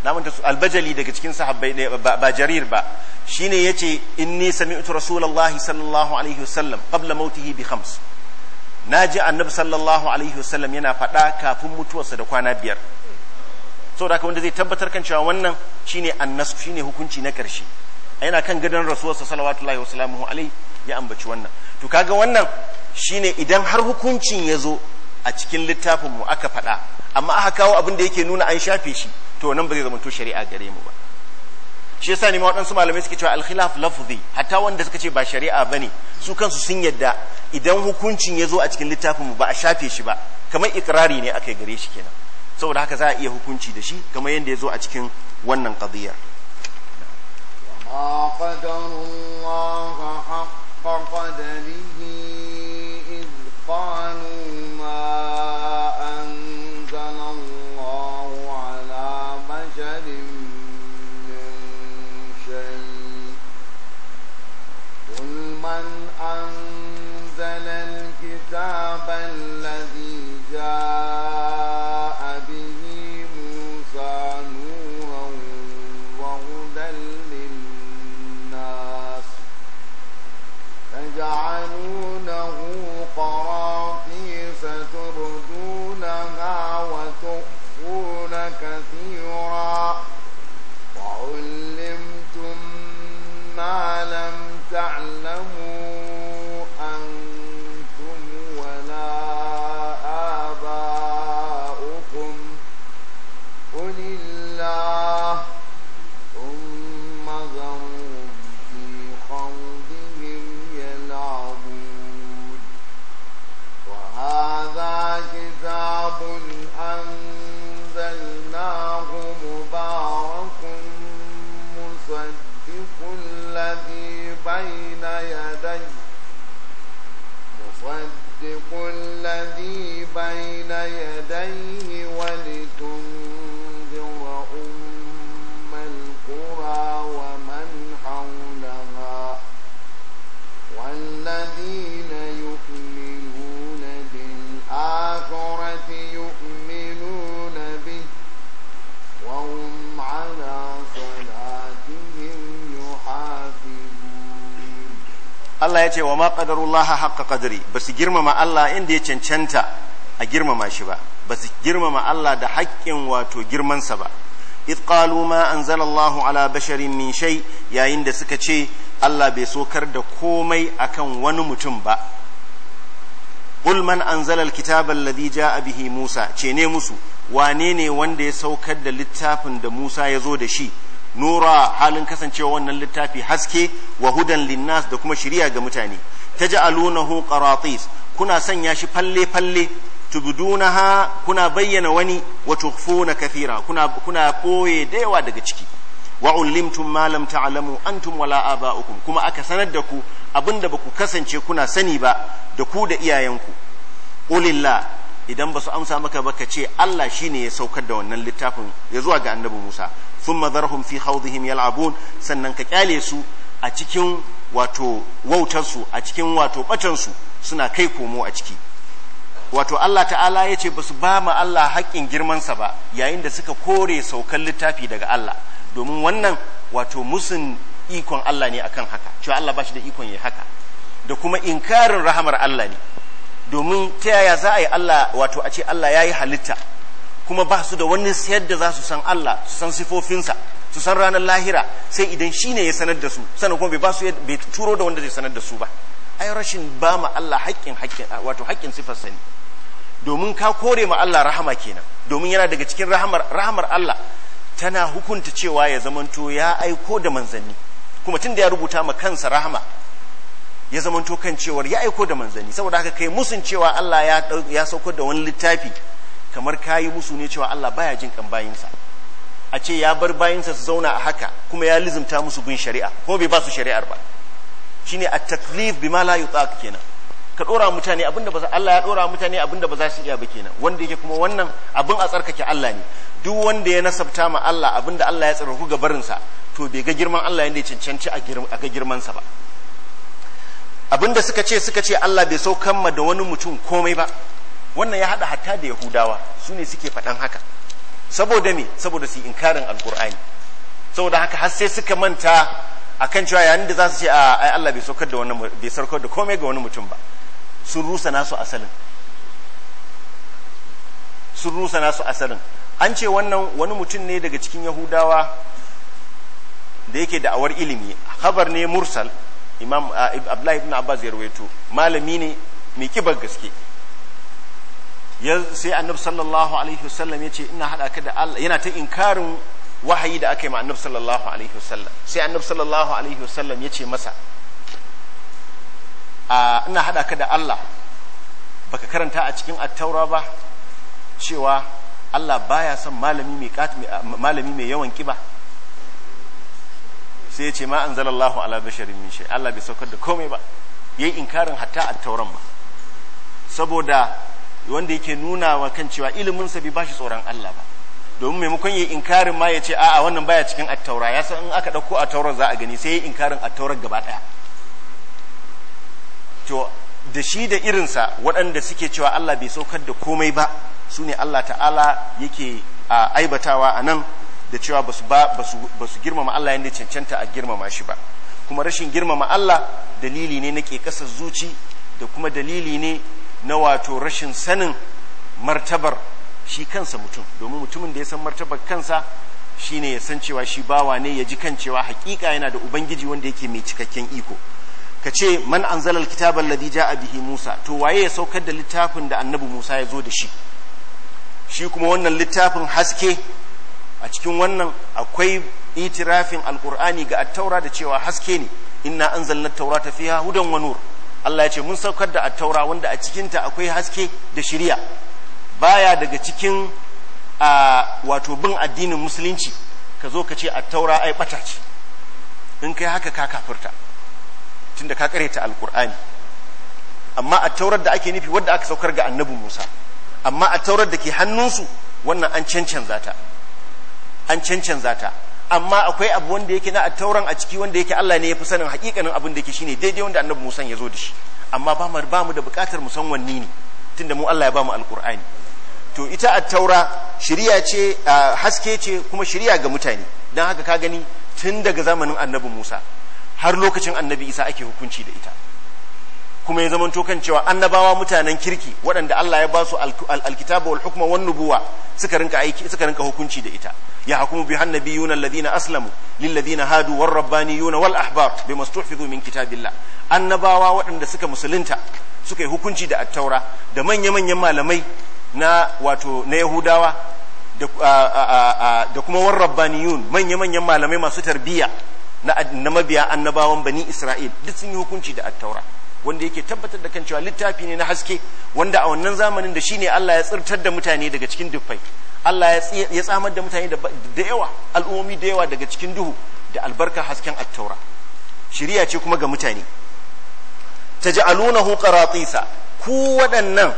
namun ta albajali daga cikin sahabbai ba jarir ba shine yace inni sami'tu rasulullahi sallallahu alaihi wasallam qabla mautihi bi khams naji annabi sallallahu alaihi wasallam yana faɗa kafin mutuwarsa da kwana biyar saboda haka wanda zai tabbatar kan cewa wannan shine annasu shine hukunci na karshe yana kan gadon rasuwarsa salawatullahi wa salamuhu ya ambaci wannan to kaga wannan shine idan har hukuncin ya zo a cikin littafin mu aka faɗa amma aka kawo abin da yake nuna an shafe shi to nan ba zai to shari'a gare mu ba shi yasa ne ma waɗansu malamai suke cewa al-khilaf lafzi hatta wanda suka ce ba shari'a bane su kansu sun yadda idan hukuncin ya zo a cikin littafin mu ba a shafe shi ba kamar ikrari ne aka gare shi kenan saboda haka za a iya hukunci da shi kamar yadda ya zo a cikin wannan qadiyar قدره إِذْ قَالُوا مَا كان الله على بشر من شيء قل من أنزل الكتاب الذي جاء به موسى نورا وهدى للناس تعلمون بين يدي مصدق الذي بين يديه ولتنذر أم القرى ومن حولها والذين يؤمنون بالآخرة Allah ya ce wa ma qadarullaha haqqa ƙadari ba su girmama Allah inda ya cancanta a girmama shi ba ba su girmama Allah da haƙƙin wato girmansa ba id qalu ma anzalallahu ala basharin min shay yayin da suka ce Allah bai sokar da komai akan wani mutum ba qul man anzala alkitaba alladhi jaa bihi Musa ce ne musu wane ne wanda ya saukar da littafin da Musa ya zo da shi nura halin kasancewa wannan littafi haske wa hudan linnas da kuma shiriya ga mutane taj'alunahu qaratis kuna sanya shi falle falle tubdunaha kuna bayyana wani wa tukhfuna kathira kuna kuna da yawa daga ciki wa ulimtum ma lam ta'lamu antum wala aba'ukum kuma aka sanar da ku abinda ba ku kasance kuna sani ba da ku da iyayenku qulillah idan ba su amsa maka ba ka ce Allah shine ya saukar da wannan littafin ya zuwa ga annabi Musa thumma dharhum fi khawdihim yal'abun sannan ka kyale su a cikin wato wautar su a cikin wato bacan su suna kai komo a ciki wato Allah ta'ala ya ce ba su ba ma Allah haƙƙin girmansa ba yayin da suka kore saukan littafi daga Allah domin wannan wato musun ikon Allah ne akan haka cewa Allah ba shi da ikon ya haka da kuma inkarin rahamar Allah ne domin ta yaya za a yi Allah wato a ce Allah ya yi halitta kuma ba su da wani sayar da za su san Allah su san sifofinsa su san ranar lahira sai idan shi ne ya sanar da su sannan kuma bai ba su bai turo da wanda zai sanar da su ba ai rashin ba ma Allah haƙƙin haƙƙin wato haƙƙin sifar sani domin ka kore ma Allah rahama kenan domin yana daga cikin rahamar rahamar Allah tana hukunta cewa ya zamanto ya aiko da manzanni kuma tun da ya rubuta ma kansa rahama ya zamanto kan cewar ya aiko da manzanni saboda haka kai musun cewa Allah ya ya da wani littafi kamar ka yi musu ne cewa Allah baya jin kan bayinsa a ce ya bar bayinsa su zauna a haka kuma ya lizimta musu bin shari'a ko bai ba su shari'ar ba shi ne a taklif bima la tsaka kenan ka dora mutane abinda ba za Allah ya dora mutane abinda ba za su iya ba kenan wanda yake kuma wannan abin a tsarkake Allah ne duk wanda ya nasabta ma Allah abinda Allah ya tsarku ga barinsa to bai ga girman Allah yanda ya cancanci a ga girmansa ba abinda suka ce suka ce Allah bai saukan ma da wani mutum komai ba wannan ya haɗa hatta da yahudawa su ne suke faɗan haka saboda me saboda su inkarin alkur'ani saboda haka har sai suka manta akan cewa yayin da za su ce a ai Allah bai saukar da wani bai saukar da komai ga wani mutum ba sun rusa nasu asalin sun rusa nasu asalin an ce wannan wani mutum ne daga cikin yahudawa da yake da'awar ilimi habar ne mursal imam abdullahi ibn abbas ya rawaito malami ne mai kibar gaske sai annabi sallallahu alaihi wasallam yace ina hada ka da Allah yana ta inkarin wahayi da aka yi ma annabi sallallahu alaihi wasallam sai annabi sallallahu alaihi wasallam yace masa a ina hada ka da Allah baka karanta a cikin attaura ba cewa Allah baya son malami mai malami mai yawan kiba sai ya ce ma anzalallahu ala basharin min shay Allah bai saukar da komai ba yayi inkarin hatta attauran ba saboda wanda yake nuna wa kan cewa ilimin sa bai bashi tsoron Allah ba domin maimakon yi inkarin ma ya ce a'a wannan baya cikin at ya san in aka dauko at-taurar za a gani sai yayi inkarin at gaba daya to da shi da irinsa waɗanda suke cewa Allah bai saukar da komai ba su ne Allah ta'ala yake aibatawa a nan da cewa ba su girmama Allah yadda cancanta a girmama shi ba kuma rashin girmama Allah dalili ne na ƙeƙasar zuci da kuma dalili ne na wato rashin sanin martabar shi kansa mutum domin mutumin da ya san martabar kansa shi ne ya san cewa shi bawa ne ya ji kan cewa hakika yana da ubangiji wanda yake mai cikakken iko ka ce man an zalar kitabar ladija a bihi Musa to waye ya saukar da littafin da annabi Musa ya zo da shi shi kuma wannan littafin haske a cikin wannan akwai itirafin alkur'ani ga attaura da cewa haske ne inna anzalna taurata tafiya hudan wa nur Allah ya ce mun saukar da attaura wanda a cikinta akwai haske da shiriya baya daga cikin wato bin addinin musulunci ka zo ka ce attaura ai bata ce in kai haka ka kafirta tunda ka kareta alkur'ani amma attaurar da ake nufi wadda aka saukar ga annabi Musa amma attaurar da ke hannunsu wannan an cancanza ta an cancanza ta amma akwai abu wanda yake na attauran a ciki wanda yake Allah ne ya fi sanin hakikanin abin da yake shine daidai wanda annabi Musa ya zo da shi amma ba bamu ba mu da bukatar mu san wanne ne tunda mu Allah ya ba mu alqur'ani to ita attaura shari'a ce haske ce kuma shari'a ga mutane dan haka ka gani tun daga zamanin annabi Musa har lokacin annabi Isa ake hukunci da ita kuma ya zamanto kan cewa annabawa mutanen kirki waɗanda Allah ya ba su alkitabu wal hukma wan nubuwa suka rinka aiki suka rinka hukunci da ita ya hukumu bi hannabiyuna alladhina aslamu lil ladina hadu war rabbaniyuna wal ahbar bima stuhfizu min kitabillah annabawa waɗanda suka musulunta suka yi hukunci da attaura da manya-manyan malamai na wato na yahudawa da kuma war rabbaniyun manya-manyan malamai masu tarbiyya na mabiya annabawan bani isra'il duk sun yi hukunci da attaura wanda yake tabbatar da kan cewa littafi ne na haske wanda a wannan zamanin da shine Allah ya tsirtar da mutane daga cikin dufai Allah ya tsamar da mutane da yawa al'ummi da yawa daga cikin duhu da albarka hasken attaura shiriya ce kuma ga mutane taj'alunahu qaratisa ku waɗannan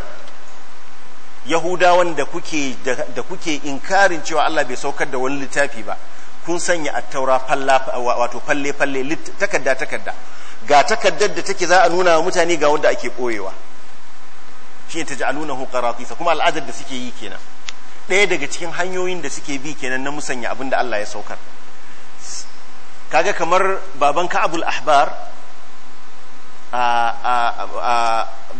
yahudawan da kuke da kuke inkarin cewa Allah bai saukar da wani littafi ba kun sanya attaura falla wato falle falle takarda takarda ga takaddar da take za a nuna wa mutane ga wanda ake boyewa shi ta ji alunahu qaratisa kuma al'adar da suke yi kenan ɗaya daga cikin hanyoyin da suke bi kenan na musanya abin da Allah ya saukar kaga kamar baban ka'abul ahbar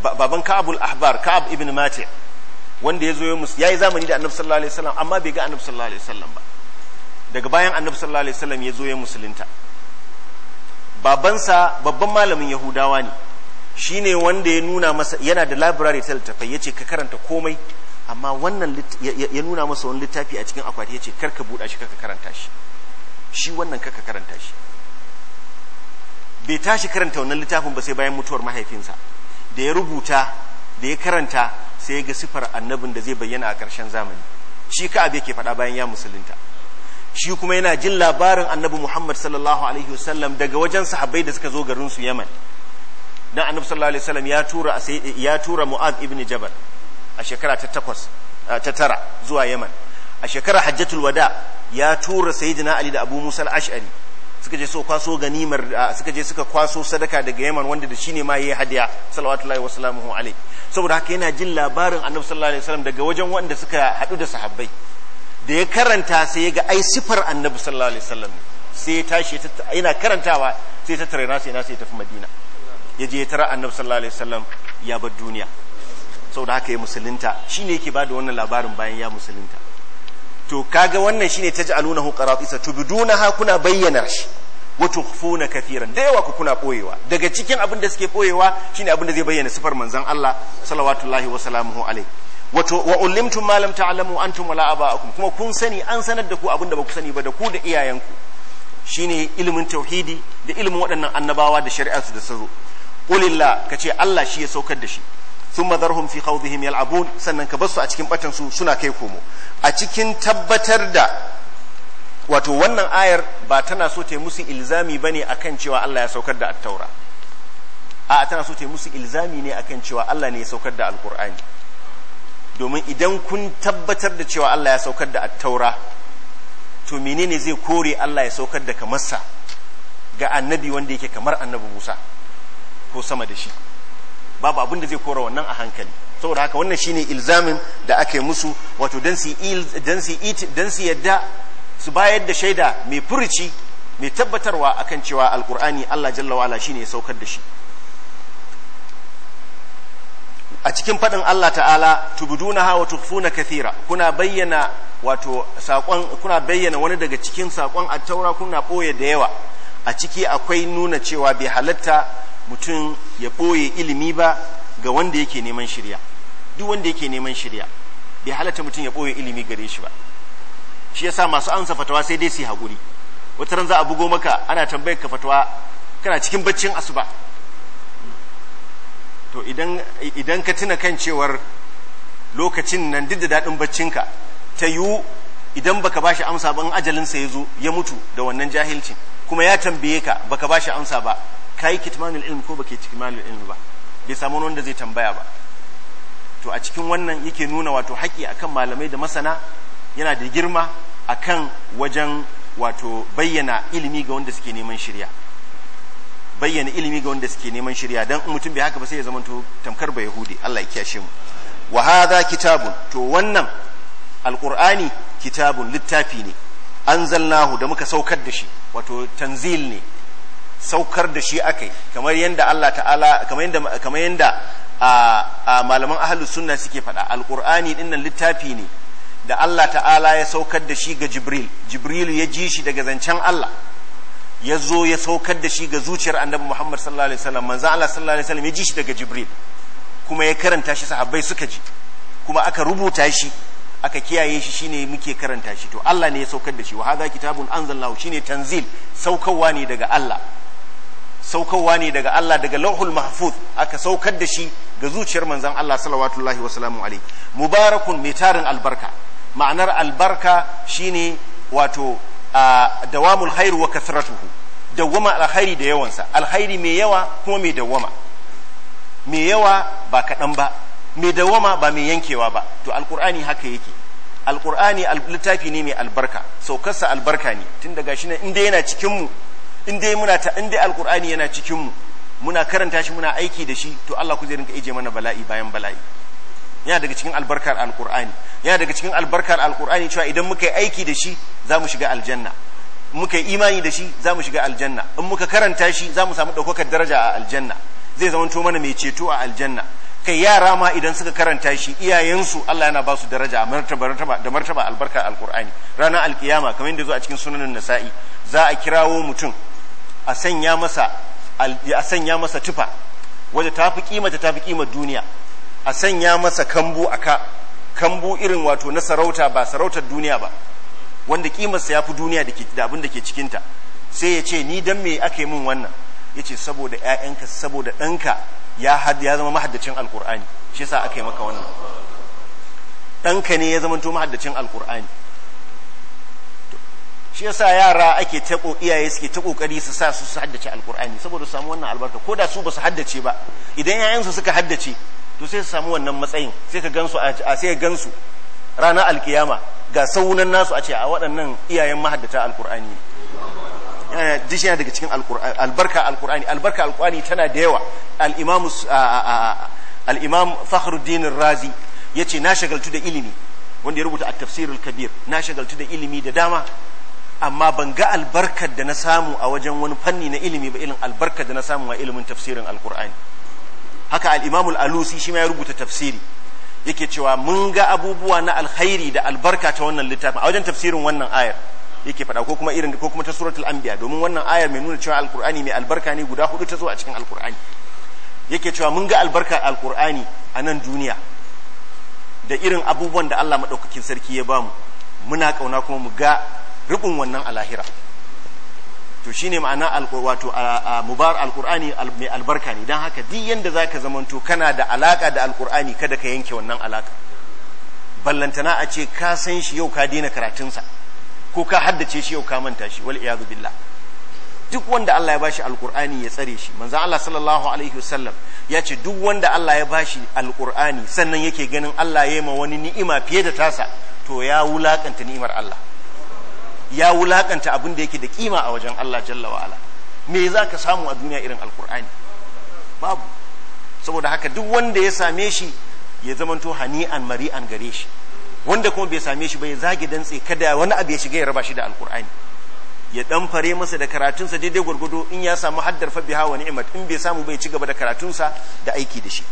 baban ka'abul ahbar ka'ab ibn mati wanda ya zo ya musu yi zamani da annabi sallallahu alaihi wasallam amma bai ga annabi sallallahu alaihi wasallam ba daga bayan annabi sallallahu alaihi wasallam ya zo ya musulunta babansa babban malamin yahudawa ne shi ne wanda ya nuna masa yana da library ta littafai yace ka karanta komai amma wannan ya nuna masa wani littafi a cikin akwati yace kar ka buɗa shi kaka karanta shi shi wannan kaka karanta shi bai tashi karanta wannan littafin ba sai bayan mutuwar mahaifinsa da ya rubuta da ya karanta sai ya ga siffar annabin da zai bayyana a ƙarshen zamani shi ka abu ke faɗa bayan ya musulunta shi kuma yana jin labarin annabi Muhammad sallallahu alaihi wasallam daga wajen sahabbai da suka zo garin su Yaman dan annabi sallallahu alaihi wasallam ya tura ya tura Mu'adh ibn Jabal a shekara ta takwas ta tara zuwa Yaman a shekara Hajjatul Wada ya tura Sayyidina Ali da Abu Musa al-Ash'ari suka je so kwaso ganimar suka je suka kwaso sadaka daga Yaman wanda da shine ma yayi hadiya sallallahu wa sallamuhu alaihi saboda haka yana jin labarin annabi sallallahu alaihi wasallam daga wajen wanda suka hadu da sahabbai da ya karanta sai ya ga ai sifar annabi sallallahu alaihi wasallam sai ya tashi yana karantawa sai ta tare nasa na sai tafi madina ya je ya tara annabi sallallahu alaihi wasallam ya bar duniya saboda haka ya musulunta shine yake bada wannan labarin bayan ya musulunta to kaga wannan shine taj'alunahu qaratisa tubdunaha kuna bayyana shi wa tukhfuna kathiran da yawa ku kuna boyewa daga cikin abin da suke boyewa shine abin da zai bayyana sifar manzon Allah sallallahu alaihi wasallam alaihi wato wa ulimtum ma lam ta'lamu antum wala aba'akum kuma kun sani an sanar da ku abinda ba ku sani ba da ku da iyayenku shine ilmin tauhidi da ilmin waɗannan annabawa da shari'arsu da sirru qulillah kace Allah shi ya saukar da shi thumma dharhum fi khawdihim yal'abun sannan ka basu a cikin batan su suna kai komo a cikin tabbatar da wato wannan ayar ba tana so ta musu ilzami bane akan cewa Allah ya saukar da at-taura a tana so ta musu ilzami ne akan cewa Allah ne ya saukar da al-qur'ani domin idan kun tabbatar da cewa Allah ya saukar da attaura to menene zai kore Allah ya saukar da kamarsa ga annabi wanda yake kamar annabi Musa ko sama da shi babu abin da zai kore wannan a hankali saboda haka wannan shine ilzamin da aka yi musu wato dan su dan su dan su yadda su bayar da shaida mai furici mai tabbatarwa akan cewa alkur'ani Allah jalla wa ala shine ya saukar da shi a cikin faɗin Allah ta'ala tubudunaha wa tufuna kathira kuna bayyana wato sakon kuna bayyana wani daga cikin sakon a taura kuna boye da yawa a ciki akwai nuna cewa bai halatta mutum ya boye ilimi ba ga wanda yake neman shirya duk wanda yake neman shirya bai halatta mutum ya boye ilimi gare shi ba shi yasa masu ansa fatawa sai dai su yi hakuri wata ran za a bugo maka ana tambayar ka fatawa kana cikin baccin asuba to idan ka tuna kan cewar lokacin nan duk da daɗin baccinka ta yiwu idan baka ba shi amsa ba in ajalinsa ya zo ya mutu da wannan jahilcin kuma ya tambaye ka baka ba shi amsa ba ka yi kitmanul ilm ko baka yi kitmanul ilm ba bai samu wanda zai tambaya ba to a cikin wannan yake nuna wato haƙi akan malamai da masana yana da girma akan wajen wato bayyana ilimi ga wanda suke neman shirya bayyana ilimi ga wanda suke neman shirya dan mutum bai haka ba sai ya zamanto tamkar ba yahudi Allah ya kiyashe mu wa hadha kitabun to wannan alqur'ani kitabun littafi ne anzalnahu da muka saukar da shi wato tanzil ne saukar da shi akai kamar yanda Allah ta'ala kamar yanda kamar yanda a malaman ahlus sunna suke faɗa alqur'ani dinnan littafi ne da Allah ta'ala ya saukar da shi ga Jibril Jibril ya ji shi daga zancen Allah ya zo ya saukar da shi ga zuciyar annabi Muhammad sallallahu alaihi wasallam manzo Allah sallallahu alaihi wasallam ya ji shi daga Jibril kuma ya karanta shi sahabbai suka ji kuma aka rubuta shi aka kiyaye shi shine muke karanta shi to Allah ne ya saukar da shi wa hadha kitabun anzalallahu shine tanzil saukarwa ne daga Allah saukarwa ne daga Allah daga lauhul mahfuz aka saukar da shi ga zuciyar manzon Allah sallallahu wa alaihi mubarakun mai tarin albarka ma'anar albarka shine wato dawamul khairu wa kathratuhu dawwama alkhairi da yawansa alkhairi mai yawa kuma mai dawwama mai yawa ba kaɗan ba mai dawama ba mai yankewa ba to alkur'ani haka yake alkur'ani littafi ne mai albarka saukarsa albarka ne tun daga shi inda yana cikinmu inda muna ta inda yana cikinmu muna karanta shi muna aiki da shi to Allah ku zai rinka ije mana bala'i bayan bala'i yana daga cikin albarkar alkur'ani yana daga cikin albarkar alkur'ani cewa idan muka yi aiki da shi za mu shiga aljanna muka yi imani da shi za mu shiga aljanna in muka karanta shi za mu samu ɗaukakar daraja a aljanna zai zamanto mana mai ceto a aljanna kai yara ma idan suka karanta shi iyayensu Allah yana ba su daraja a da martaba albarkar alkur'ani ranar alkiyama kamar yadda zo a cikin sunanin nasa'i za a kirawo mutum a sanya masa a sanya masa tufa wadda ta fi kima ta fi kima duniya a sanya masa kambu a ka kambu irin wato na sarauta ba sarautar duniya ba wanda kimarsa ya fi duniya da abin da ke cikinta sai ya ce ni don me ake min wannan ya ce saboda ‘ya'yanka saboda ɗanka ya ya zama mahaddacin alkur'ani shi sa aka yi maka wannan ɗanka ne ya zama to mahaddacin alkur'ani shi yasa yara ake taɓo iyaye suke ta ƙoƙari su sa su haddace alkur'ani saboda samu wannan albarka ko da su ba su haddace ba idan ‘ya'yansu suka haddace to sai su samu wannan matsayin sai ka gansu a sai ka gansu ranar alkiyama ga saunan nasu a ce a waɗannan iyayen mahaddata alkur'ani eh, dishi yana daga cikin albarka alkur'ani albarka alkur'ani tana da yawa al'imamu al'imam fahruddin razi ya ce na shagaltu da ilimi wanda ya rubuta a tafsirul kabir na shagaltu da ilimi da dama amma ban ga albarkar da na samu a wajen wani fanni na ilimi ba ilin albarkar da na samu a ilimin tafsirin alkur'ani haka al'imamul alusi shi ma ya rubuta tafsiri yake cewa mun ga abubuwa na alkhairi da albarka ta wannan littafin a wajen tafsirin wannan ayar yake faɗa ko kuma irin ko kuma ta suratul anbiya domin wannan ayar mai nuna cewa alqur'ani mai albarka ne guda hudu ta zo a cikin alqur'ani yake cewa mun ga albarka alkur'ani a nan duniya da irin abubuwan da Allah madaukakin sarki ya bamu muna kauna kuma mu ga rubun wannan lahira. to shine ma'ana wato mubar alqur'ani mai albarka ne dan haka duk yanda zaka zamanto kana da alaka da alqur'ani kada ka yanke wannan alaka ballantana a ce ka san shi yau ka daina karatunsa ko ka haddace shi yau ka manta shi wal iyadu billah duk wanda Allah ya bashi alqur'ani ya tsare shi manzo Allah sallallahu alaihi wasallam ya ce duk wanda Allah ya bashi alqur'ani sannan yake ganin Allah ya yi ma wani ni'ima fiye da tasa to ya wulakanta ni'imar Allah ya wulakanta abin da yake da kima a wajen Allah jalla wa'ala me za ka samu a duniya irin alkur'ani babu saboda haka duk wanda ya same shi ya zamanto hani'an mari'an gare shi wanda kuma bai same shi ba ya zage dantse kada wani abu ya shiga ya raba shi da alkur'ani ya dan fare masa da karatun sa daidai gwargwado in ya samu haddar fa biha wa ni'mat in bai samu bai ci gaba da sa da aiki da shi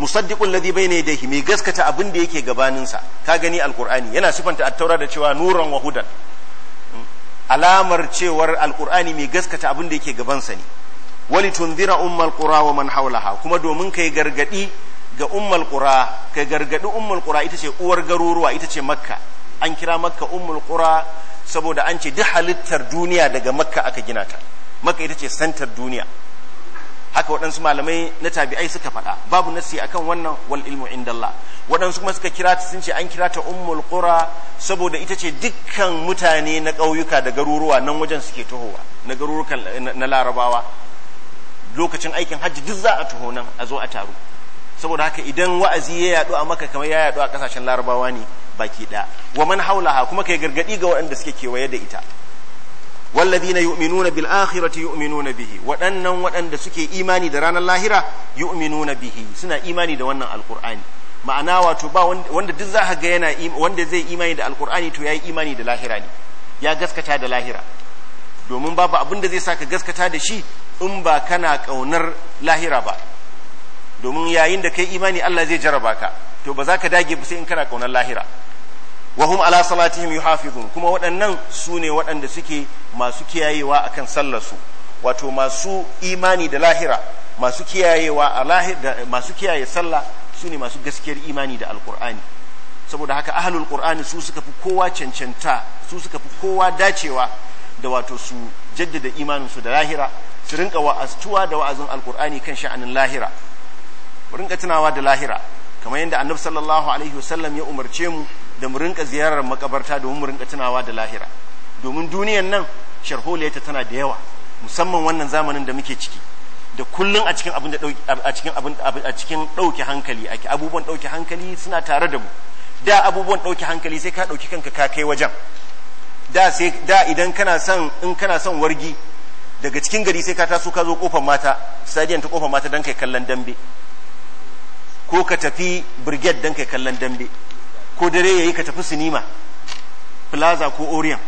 musaddiqul ladhi bayna yadayhi mai gaskata abin da yake gabaninsa ka gani alqur'ani yana sifanta at-taura da cewa nuran wa hudan hmm? alamar cewar alqur'ani mai gaskata abin da yake gabansa sa ne wali tunzira ummal qura wa man hawlaha kuma domin kai gargadi ga ummal qura kai gargadi ummal qura ita ce uwar garuruwa ita ce makka an kira makka ummul qura saboda an ce duk halittar duniya daga makka aka gina ta makka ita ce santar duniya haka waɗansu malamai na tabi'ai suka faɗa babu nasi akan wannan wal ilmu indallah waɗansu kuma suka kira ta sun ce an kira ta ummul qura saboda ita ce dukkan mutane na ƙauyuka da garuruwa nan wajen suke tohowa na garuruka na larabawa lokacin aikin hajji duk za a taho nan a zo a taru saboda haka idan wa'azi ya yaɗu a maka kamar ya yaɗu a ƙasashen larabawa ne baki ɗaya wa man haulaha kuma kai gargaɗi ga waɗanda suke kewaye da ita walladhina yu'minuna bil akhirati yu'minuna bihi waɗannan waɗanda suke imani da ranar lahira yu'minuna bihi suna imani da wannan alqur'ani ma'ana wato ba wanda duk za ga yana wanda zai imani da alqur'ani to yayi imani da lahira ne ya gaskata da lahira domin babu abin da zai saka gaskata da shi in ba kana kaunar lahira ba domin yayin da kai imani Allah zai jaraba ka to ba za ka dage ba sai in kana kaunar lahira wahum hum ala salatihim yuhafizun kuma waɗannan su ne waɗanda suke masu kiyayewa akan sallarsu wato masu imani da lahira masu kiyayewa a lahira masu kiyaye sallah su ne masu gaskiyar imani da alkur'ani saboda haka ahlul qur'ani su suka fi kowa cancanta su suka fi kowa dacewa da wato su jaddada imaninsu da lahira su rinka wa'aztuwa da wa'azin alkur'ani kan sha'anin lahira rinka tunawa da lahira kamar yadda annabi sallallahu alaihi wasallam ya umarce mu da mu rinka ziyarar makabarta domin mu rinka tunawa da lahira domin duniyan nan sharholiyarta tana da yawa musamman wannan zamanin da muke ciki da kullun a cikin abin da a cikin abin a cikin dauke hankali ake abubuwan dauke hankali suna tare da mu da abubuwan dauke hankali sai ka dauki kanka ka kai wajen da sai da idan kana son in kana son wargi daga cikin gari sai ka taso ka zo kofar mata stadium ta kofar mata dan kai kallon dambe ko ka tafi brigade dan kai kallon dambe ko dare yayi ka tafi sinima plaza ko orion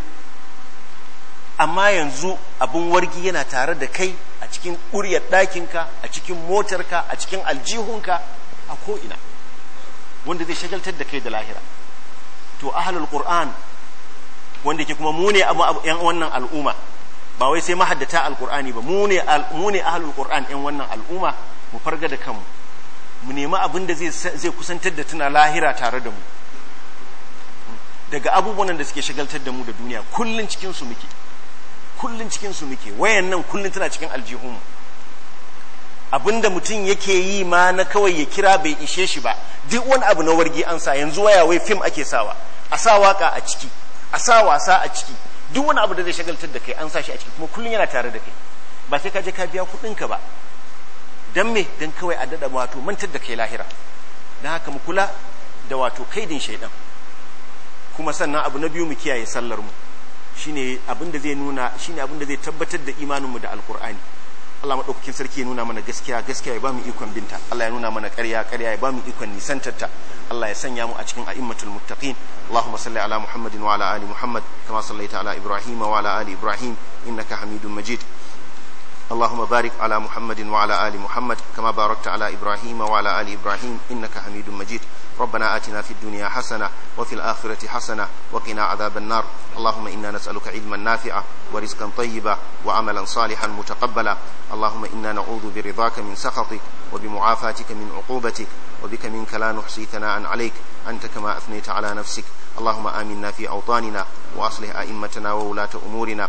amma yanzu abin wargi yana tare da kai a cikin ƙuryar ɗakinka a cikin motarka a cikin aljihunka a ko'ina wanda zai shagaltar da kai da lahira to ahalul qur'an wanda ke kuma mu ne yan wannan al'umma ba wai sai mahaddata alqur'ani ba mu ne mu ne ahalul qur'an yan wannan al'umma mu farga da kanmu mu nemi abin da zai kusantar da tuna lahira tare da mu daga abubuwan da suke shagaltar da mu da duniya kullun cikin muke kullun cikin su muke wayan nan kullun tana cikin aljihun abinda mutum yake yi ma na kawai ya kira bai ishe shi ba duk wani abu na wargi an sa yanzu waya wai fim ake sawa a sa waka a ciki a sa wasa a ciki duk wani abu da zai shagaltar da kai an sa shi a ciki kuma kullun yana tare da kai ba sai ka je ka biya kuɗin ka ba dan me dan kawai a dada wato mantar da kai lahira dan haka mu kula da wato kaidin shaidan kuma sannan abu na biyu mu kiyaye sallar mu shine abin da zai nuna shine abin da zai tabbatar da imanin mu da alqur'ani Allah maɗaukakin sarki ya nuna mana gaskiya gaskiya ya ba mu ikon binta Allah ya nuna mana ƙarya ƙarya ya ba mu ikon nisantarta Allah ya sanya mu a cikin a'immatul muttaqin Allahumma salli ala Muhammadin wa ala ali Muhammad kama sallaita ala Ibrahim wa ala ali Ibrahim innaka Hamidum Majid اللهم بارك على محمد وعلى آل محمد كما باركت على إبراهيم وعلى آل إبراهيم إنك حميد مجيد ربنا آتنا في الدنيا حسنة وفي الآخرة حسنة وقنا عذاب النار اللهم إنا نسألك علما نافعا ورزقا طيبا وعملا صالحا متقبلا اللهم إنا نعوذ برضاك من سخطك وبمعافاتك من عقوبتك وبك منك لا نحصي ثناء عليك أنت كما أثنيت على نفسك اللهم آمنا في أوطاننا وأصلح أئمتنا وولاة أمورنا